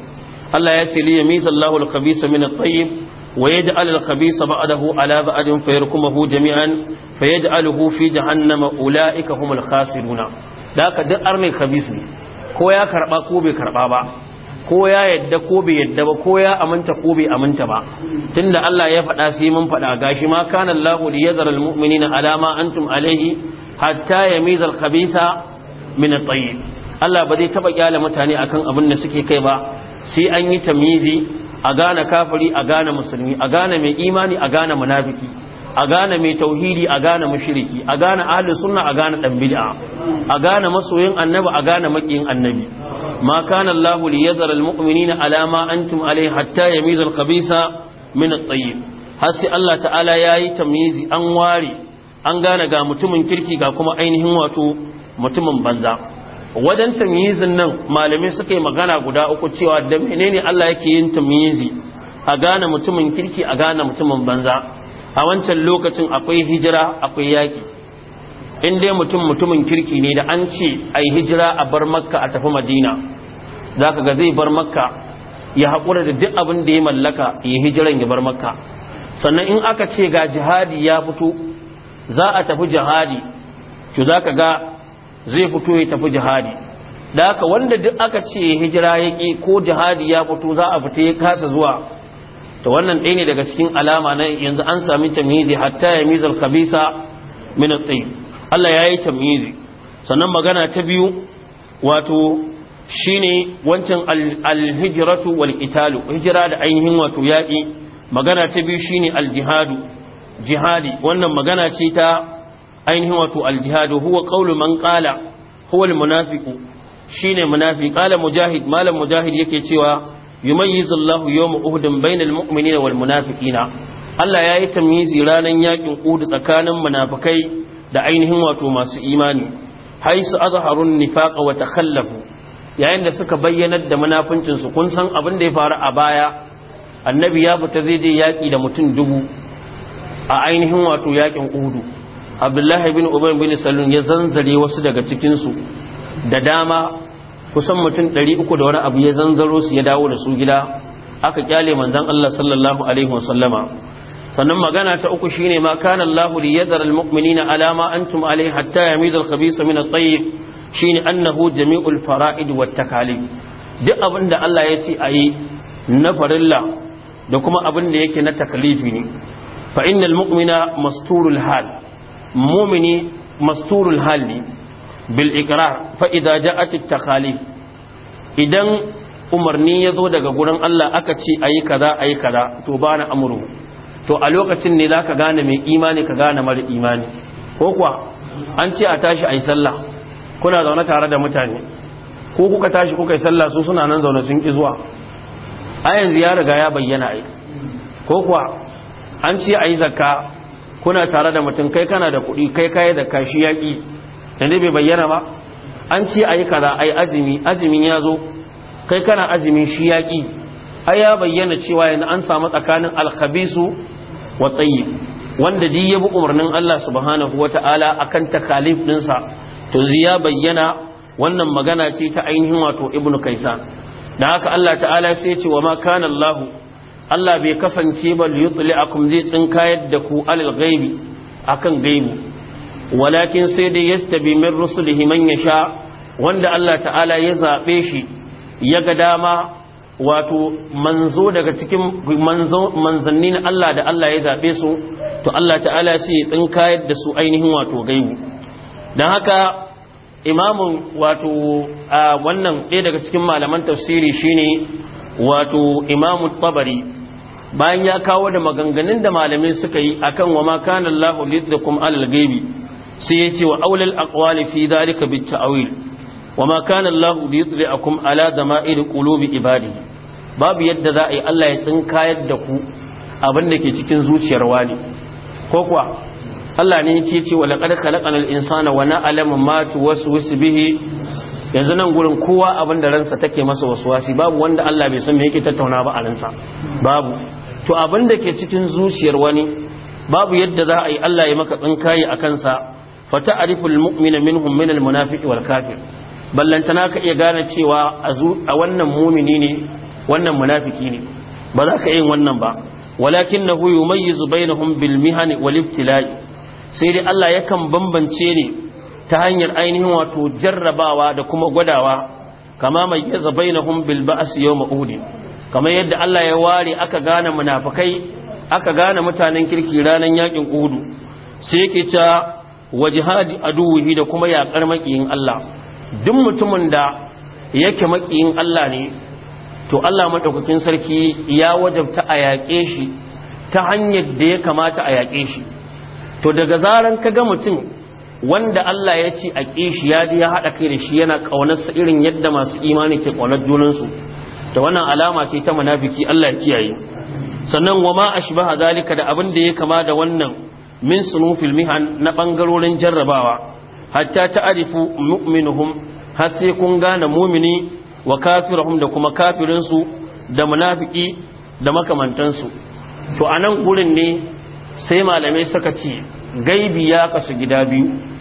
Allah ya ce li yamisallahu alkhabisa min at-tayyib ويجعل da بعده على بعد فيركمه جميعا فيجعله في جهنم أولئك هم الخاسرون ذاك دق أرمي خبيث لي ko ya karba ko bai karba ba ko ya yadda ko bai yadda ba ko ya aminta ko bai aminta ba tunda Allah ya faɗa sai mun faɗa gashi ma kana Allahu li yazara almu'minina ala ma antum alayhi hatta yamiza alkhabisa min Allah ba zai taɓa kyale mutane akan abin da suke kai ba sai an yi tamyizi a gane kafiri a gane musulmi a gane mai imani a gane munafiki a gane mai tauhidi a gane mushriki a gane ahli sunna a gane dan bid'a a gane masoyin annabi a gane makiyin annabi ma kana Allahu li yazara almu'minina ala ma antum alayhi hatta yamiza alkhabisa min at-tayyib har sai Allah ta'ala yayi tamyizi an ware an gane ga mutumin kirki ga kuma ainihin wato mutumin banza wajen tamyizin nan malamai suka yi magana guda uku cewa da menene Allah yake yin tamyizi a gane mutumin kirki a gane mutumin banza a wancan lokacin akwai hijira akwai yaki. in dai mutum mutumin kirki ne da an ce a hijira a bar makka a tafi madina za ka ga zai bar makka ya haƙura da duk abin da ya mallaka ya hijira ya bar makka sannan in aka ce ga jihadi ya fito za a tafi jihadi to za ka ga zai fito ya tafi jihadi da haka wanda duk aka ce hijira ya ƙi ko jihadi ya fito za a fita ya kasa zuwa ta wannan ɗaya ne daga cikin alama na yanzu an sami tamizi hatta ya mizal kabisa min at Allah ya yayi tamizi. sannan magana ta biyu wato shine wancan Alhijiratu wal hijira da ainihin wato yaƙi magana ta biyu shine Aljihadu. jihadi wannan magana ce ta ainihin wato aljihadu huwa qawlu man qala huwa almunafiqu shine munafi qala mujahid malam mujahid yake cewa yumayyizu Allahu yawm uhud bainal mu'minina wal munafiqina Allah ya yi tamyizi ranan yakin uhud tsakanin munafikai da ainihin wato masu imani haisu azharun nifaqa wa takhallafu yayin da suka bayyanar da munafincin su kun san abin da ya faru a baya annabi ya fita zai je yaki da mutum dubu a ainihin wato yakin uhud abdullahi bin ubay bin salun ya zanzare wasu daga cikin su da dama kusan mutum 300 da wani abu ya zanzaro su ya dawo da su gida aka kyale manzon Allah sallallahu alaihi wasallama sannan magana ta uku shine ma kana Allahu li al almu'minina ala ma antum alaihi hatta yamiza alkhabisa min at-tayyib shine annahu jami'ul fara'id wat takalif duk abinda Allah ya ce ayi na farilla da kuma abin da yake na takalifi ne fa innal mu'mina masturul hal mumini masturul hali bil ikrar fa idza ja'at at takhalif idan umarni ya zo daga gurin Allah aka ce ayi kaza ayi kaza to bana amru to a lokacin ne zaka gane mai imani ka gane mara imani ko kuwa an ce a tashi ayi sallah kuna zaune tare da mutane ko kuka tashi kuka yi sallah su suna nan zaune sun ki zuwa a yanzu ya riga ya bayyana ai ko kuwa an ce ayi zakka kuna tare da mutum kai kana da kuɗi kai kayi da kashi yaƙi yanzu bai bayyana ba an ce a yi kaza a yi azumi azumin ya zo kai kana azumin shi yaƙi ai ya bayyana cewa yanzu an samu tsakanin alkhabisu wa tsayi wanda ji ya bi umarnin Allah subhanahu wa ta'ala a kan takalif ɗinsa to ya bayyana wannan magana ce ta ainihin wato ibnu kaisan da haka Allah ta'ala sai ce wa ma kana Allahu Allah bai kasance ba liyutli'akum zai tsinkayar da ku alal ghaibi akan gaibu walakin sai dai yastabi min rusulihi man sha, wanda Allah ta'ala ya zabe shi ya ga dama wato manzo daga cikin manzo manzanni Allah da Allah ya zabe su to Allah ta'ala shi ya tsinkayar da su ainihin wato gaibu dan haka imamun wato a wannan ɗaya daga cikin malaman tafsiri shine wato imamu tabari bayan ya kawo da maganganun da malamai suka yi akan wa ma kana da liddakum alal ghaibi sai ya ce wa aulal aqwali fi dhalika bit ta'wil wa ma kana Allahu liyudli'akum ala dama'il qulubi ibadi babu yadda za a yi Allah ya tsinkayar da ku abin da ke cikin zuciyar wani ko kuwa Allah ne ya ce wa laqad khalaqal insana wa na'lamu ma tuwaswisu bihi yanzu nan gurin kowa abin da ransa take masa wasuwasi babu wanda Allah bai san me yake tattauna ba a ransa babu to abin da ke cikin zuciyar wani babu yadda za a yi Allah ya maka tsinkaye a kansa fa ta'riful mu'mina minhum min al-munafiqi wal kafir ballantana ka iya gane cewa a wannan mumini ne wannan munafiki ne ba za ka yin wannan ba walakinahu yumayyizu bainahum bil mihani wal ibtila'i sai dai Allah yakan bambance ne ta hanyar ainihin wato jarrabawa da kuma gwadawa kama mai yaza bainahum bil ba'si yawm uhud kamar yadda Allah ya ware aka gane munafikai aka gane mutanen kirki ranan yakin uhud sai yake ta wajihad aduwi da kuma yakar makiyin Allah duk mutumin da yake makiyin Allah ne to Allah madaukakin sarki ya wajabta a yaƙe shi ta hanyar da ya kamata a yaƙe shi to daga zaran kaga mutum wanda Allah ya ce a kishi ya ya haɗa kai da shi yana ƙaunarsa irin yadda masu imani ke ƙaunar junansu da wannan alama ce ta munafiki Allah ya kiyaye sannan wa ma ashbaha zalika da abin da ya kama da wannan min sunufil mihan na bangarorin jarrabawa hatta ta'rifu mu'minuhum har sai kun gane mumini wa kafiruhum da kuma kafirinsu da munafiki da makamantansu to anan gurin ne sai malamai suka ce gaibi ya kasu gida biyu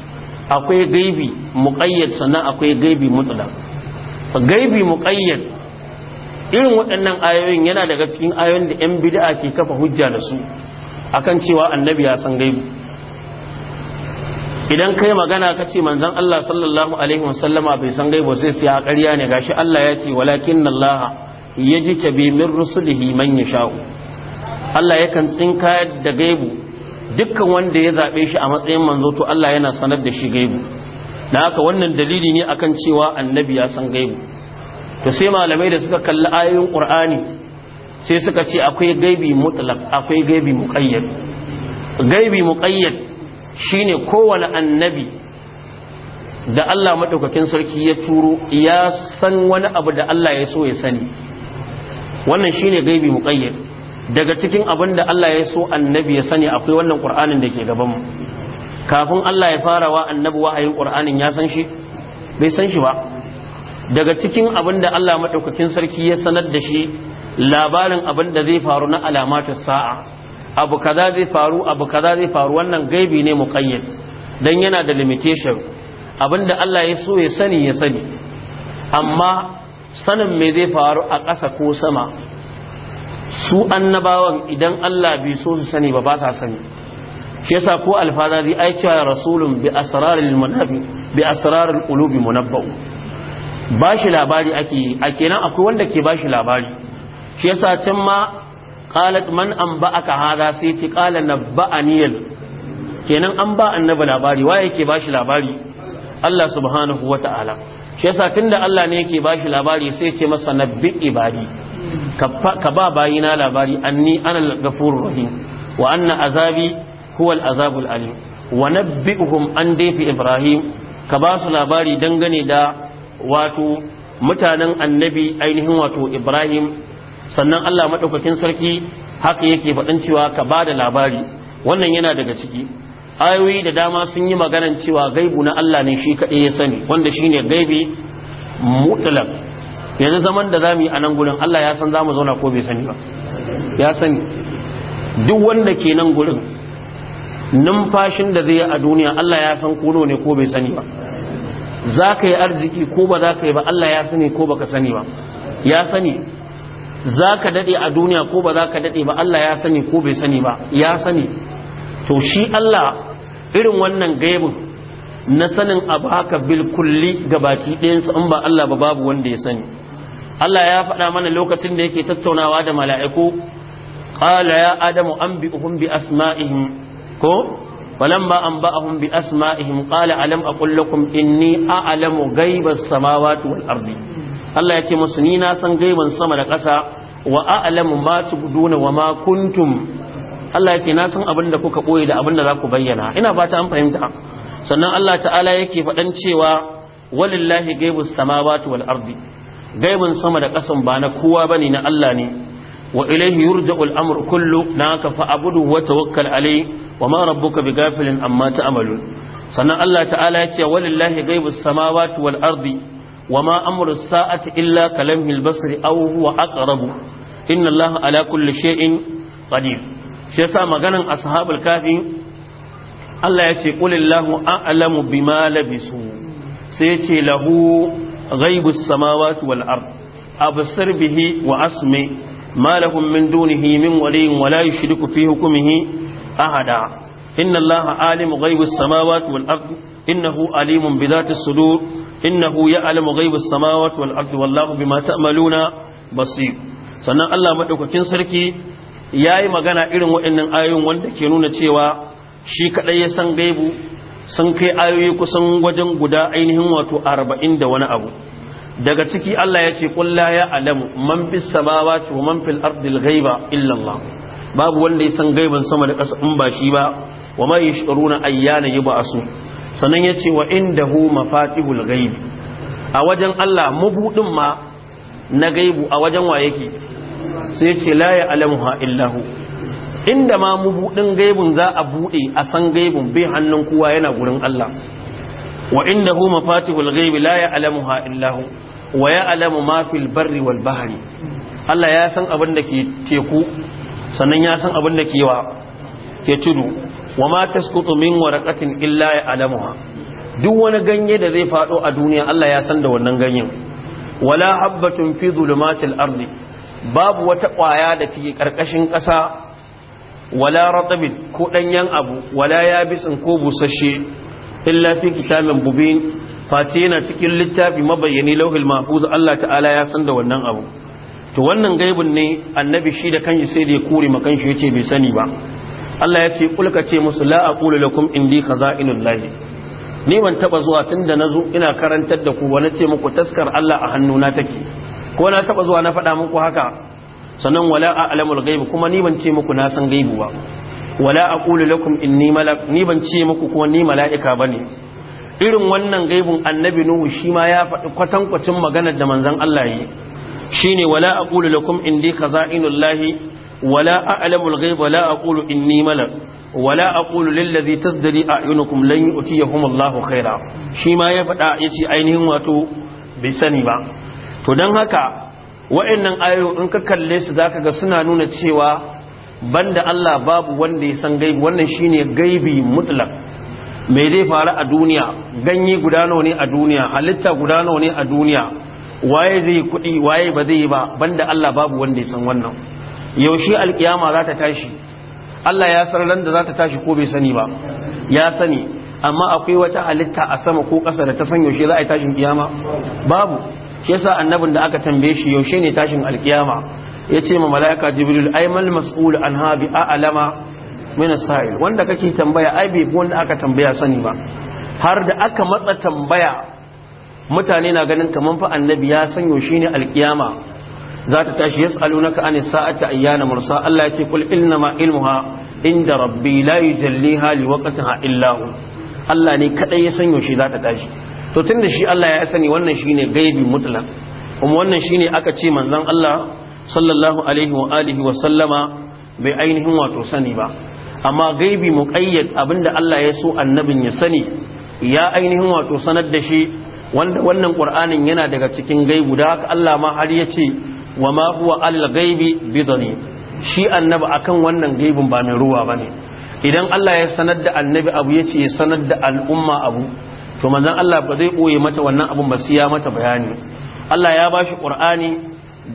akwai gaibi muƙayyad sannan akwai gaibi mutlaq gaibi muƙayyad irin waɗannan ayoyin yana daga cikin ayoyin da 'yan bid'a ke kafa hujja da su akan cewa annabi ya san gaibi idan kai magana ka ce manzon Allah sallallahu alaihi wasallama bai san gaibi sai sai a ƙarya ne gashi Allah ya ce walakin Allah yajtabi min rusulihi man yasha'u Allah yakan tsinka da gaibu dukkan wanda ya zaɓe shi a matsayin manzo to Allah yana sanar da shi gaibu na haka wannan dalili ne akan cewa annabi ya san gaibu to sai malamai da suka kalli ayoyin qur'ani sai suka ce akwai gaibi mutlaq akwai gaibi muqayyad gaibi muqayyad shine kowane annabi da Allah madaukakin sarki ya turo ya san wani abu da Allah ya so ya sani wannan shine gaibi muqayyad daga cikin abin da Allah ya so annabi ya sani akwai wannan qur'anin da ke gaban mu kafin Allah ya fara wa annabi wa'ayin qur'anin ya san shi bai san shi ba daga cikin abin da Allah madaukakin sarki ya sanar da shi labarin abin da zai faru na alamatu sa'a abu kaza zai faru abu kaza zai faru wannan gaibi ne muqayyad dan yana da limitation abin da Allah ya so ya sani ya sani amma sanin me zai faru a ƙasa ko sama su annabawan idan Allah bai so su sani ba ba sa sani shi yasa ko zai aiki wa rasulun bi asrarul munafi bi asrarul qulubi munabbau bashi labari ake a kenan akwai wanda ke bashi labari shi yasa can ma qalat man anba'aka hada sai ti qala nabba'aniyal kenan an ba annabi labari waye yake bashi labari Allah subhanahu wata'ala shi yasa tunda Allah ne yake bashi labari sai ya ce masa nabbi ibadi ka ba bayi na labari anni ana gafurur rahim wa anna azabi huwa al-azabul alim wa nabbi'uhum an dayfi ibrahim ka ba su labari dangane da wato mutanen annabi ainihin wato ibrahim sannan Allah madaukakin sarki haka yake faɗin cewa ka ba da labari wannan yana daga ciki ayoyi da dama sun yi maganan cewa gaibu na Allah ne shi kaɗai ya sani wanda shine gaibi mutlaq yanzu zaman da zamu yi a nan gurin Allah ya san zamu zauna ko bai sani ba ya sani duk wanda ke nan gurin numfashin da zai yi a duniya Allah ya san kuno ne ko bai sani ba za ka yi arziki ko ba za ka yi ba Allah ya sani ko baka sani ba ya sani za ka daɗe a duniya ko ba za ka daɗe ba Allah ya sani ko bai sani ba ya sani to shi Allah irin wannan gaibin na sanin abu haka bil kulli ga baki ɗayansa in ba Allah ba babu wanda ya sani Allah ya faɗa mana lokacin da yake tattaunawa da mala'iku qala ya adamu an bi asma'ihim ko ba falamma anba'ahum bi asma'ihim qala alam a lakum inni a'lamu ghaibas samawati wal ardi Allah yake musu ni na san gaiban sama da ƙasa wa a'lamu ma tubduna wa ma kuntum Allah ce na san abin da kuka ɓoye da abin da za ku bayyana ina fata an fahimta sannan Allah ta'ala yake faɗan cewa walillahi ghaibus samawati wal ardi gaibin sama da ƙasan ba na kowa bane na Allah ne wa ilaihi yurja'ul amr kullu na ka abudu wa tawakkal alai wa ma rabbuka bighafilin amma ta'malun sannan Allah ta'ala ya ce walillahi ghaibus samawati wal ardi wa ma amru as-sa'ati illa kalamhil basri aw huwa aqrabu inna Allah ala kulli shay'in qadir shi yasa maganan ashabul kafi Allah ya ce qulillahu a'lamu bima labisu sai ya ce lahu ghaibus samawati wal ard absir bihi wa asmi ma lahum min dunihi min waliyin wala yushriku fi hukmihi inna allaha alimu ghaibus samawati wal ard innahu alimun bi dhati sudur innahu ya'lamu ghaibus samawati wal sannan Allah madaukakin sarki yayi magana irin waɗannan ayoyin wanda ke nuna cewa shi kaɗai ya san gaibu sun kai ayoyi kusan wajen guda ainihin wato arba'in da wani abu daga ciki Allah ya ce kulla ya alamu man fis samawati wa man fil ardil ghaiba illa babu wanda ya san gaiban sama da ƙasa in ba shi ba wa ma yashuruna ayyana yub'asu sannan yace wa indahu mafatihul ghaib a wajen Allah mabudin ma na gaibu a wajen wa yake sai yace la ya alamuha illahu inda ma mubudin gaibun za a bude a san gaibun bai hannun kowa yana gurin Allah wa indahu mafatihul gaibi la ya'lamuha illa hu wa ya'lamu ma fil barri wal bahri Allah ya san abin da ke teku sannan ya san abin da ke wa ke tudu wa ma tasqutu min waraqatin illa ya'lamuha duk wani ganye da zai fado a duniya Allah ya san da wannan ganyen wala habbatun fi zulumatil ardi babu wata kwaya da take karkashin kasa wala ratabin ko ɗanyen abu wala yabisin ko busasshe illa fi kitabin bubin face yana cikin littafi mabayyani lauhil mahfuz Allah ta'ala ya san da wannan abu to wannan gaibin ne annabi shi da kanshi sai da ya kure makan shi yace bai sani ba Allah ya ce kulka ce musu la aqulu lakum indi khaza'inul ni ban taba zuwa tunda nazo ina karantar da ku wani ce muku taskar Allah a hannuna take ko na taba zuwa na faɗa muku haka sannan wala a'lamul ga'ibu kuma ni ban ce muku na san gaibu ba wala aqulu lakum inni malak ni ban ce muku kuma ni mala'ika bane irin wannan gaibun annabi nuhu shi ma ya faɗi kwatankwacin maganar da manzon Allah yi shine wala aqulu lakum indi khaza'inullahi ولا أعلم الغيب ولا lallazi tasdari a ولا أقول للذي تزدري أعينكم لن يؤتيهم الله ya faɗa ya يشي ainihin wato bai sani ba to don haka wa'annan ayoyin in ka kalle su zaka ga suna nuna cewa banda Allah babu wanda ya san gaibi wannan shine gaibi mutlak me zai faru a duniya ganye guda nawa ne a duniya halitta guda ne a duniya waye zai yi waye ba zai yi ba banda Allah babu wanda ya san wannan yaushe alkiyama za ta tashi Allah ya san ran da za ta tashi ko bai sani ba ya sani amma akwai wata halitta a sama ko ƙasa da ta san yaushe za a yi tashin kiyama babu shi yasa annabin da aka tambaye shi yaushe ne tashin alkiyama yace ma malaika jibril ai mal mas'ul an ha bi a'lama min as-sa'il wanda kake tambaya ai bai wanda aka tambaya sani ba har da aka matsa tambaya mutane na ganin kaman fa annabi ya san yaushe ne alkiyama za ta tashi yas'alunaka an sa'ati ayyana mursa Allah yace kul innama ilmuha inda rabbi la yujalliha liwaqtiha illa hu Allah ne kadai ya san yaushe za ta tashi to tunda shi Allah ya sani wannan shi ne gaibi mutlaq kuma wannan shi ne aka ce manzon Allah sallallahu alaihi wa alihi wa sallama bai ainihin wato sani ba amma gaibi mu muqayyad abinda Allah ya so annabin ya sani ya ainihin wato sanar da shi wanda wannan qur'anin yana daga cikin gaibu da haka Allah ma har ya ce wa ma huwa al bi bidani shi annabi akan wannan gaibin ba mai ruwa ne. idan Allah ya sanar da annabi abu ya ce ya sanar da al'umma abu to manzan Allah ba zai boye mata wannan abun ba sai ya mata bayani Allah ya bashi Qur'ani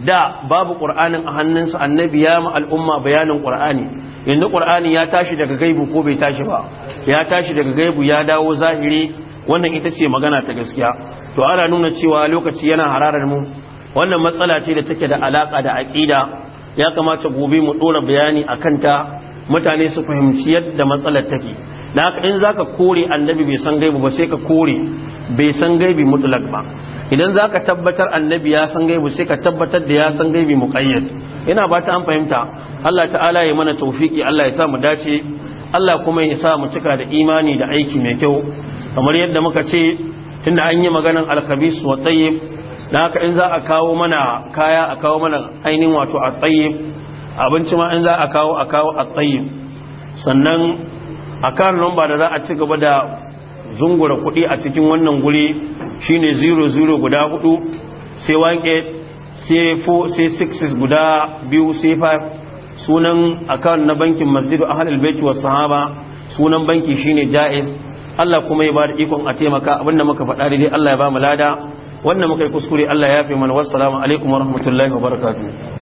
da babu Qur'anin a hannunsa annabi ya ma al'umma bayanin Qur'ani yanzu Qur'ani ya tashi daga gaibu ko bai tashi ba ya tashi daga gaibu ya dawo zahiri wannan ita ce magana ta gaskiya to ana nuna cewa lokaci yana hararar mu wannan matsala ce da take da alaka da aqida ya kamata gobe mu dora bayani akan ta mutane su fahimci yadda matsalar take da haka in zaka kore annabi bai san gaibu ba sai ka kore bai san gaibi mutlak ba idan zaka tabbatar annabi ya san gaibu sai ka tabbatar da ya san gaibi muqayyad ina ba ta an fahimta Allah ta'ala ya mana tawfiki Allah ya sa mu dace Allah kuma ya sa mu cika da imani da aiki mai kyau kamar yadda muka ce tunda an yi maganar al-khabis wa tayyib da haka in za a kawo mana kaya a kawo mana ainihin wato a tayyib abinci ma in za a kawo a kawo a tayyib sannan a akan number da za a ci gaba da zungura kudi a cikin wannan guri shine 00 guda 4 sai 18 sai 4 sai 66 guda 2 sai 5 sunan akan na bankin masjidu a ahlul beki wa sahaba sunan banki shine ja'is Allah kuma ya ba da ikon a taimaka abinda muka faɗa dai Allah ya ba mu lada wannan muka yi kuskure Allah ya fi mana wassalamu alaikum wa rahmatullahi wa barakatuh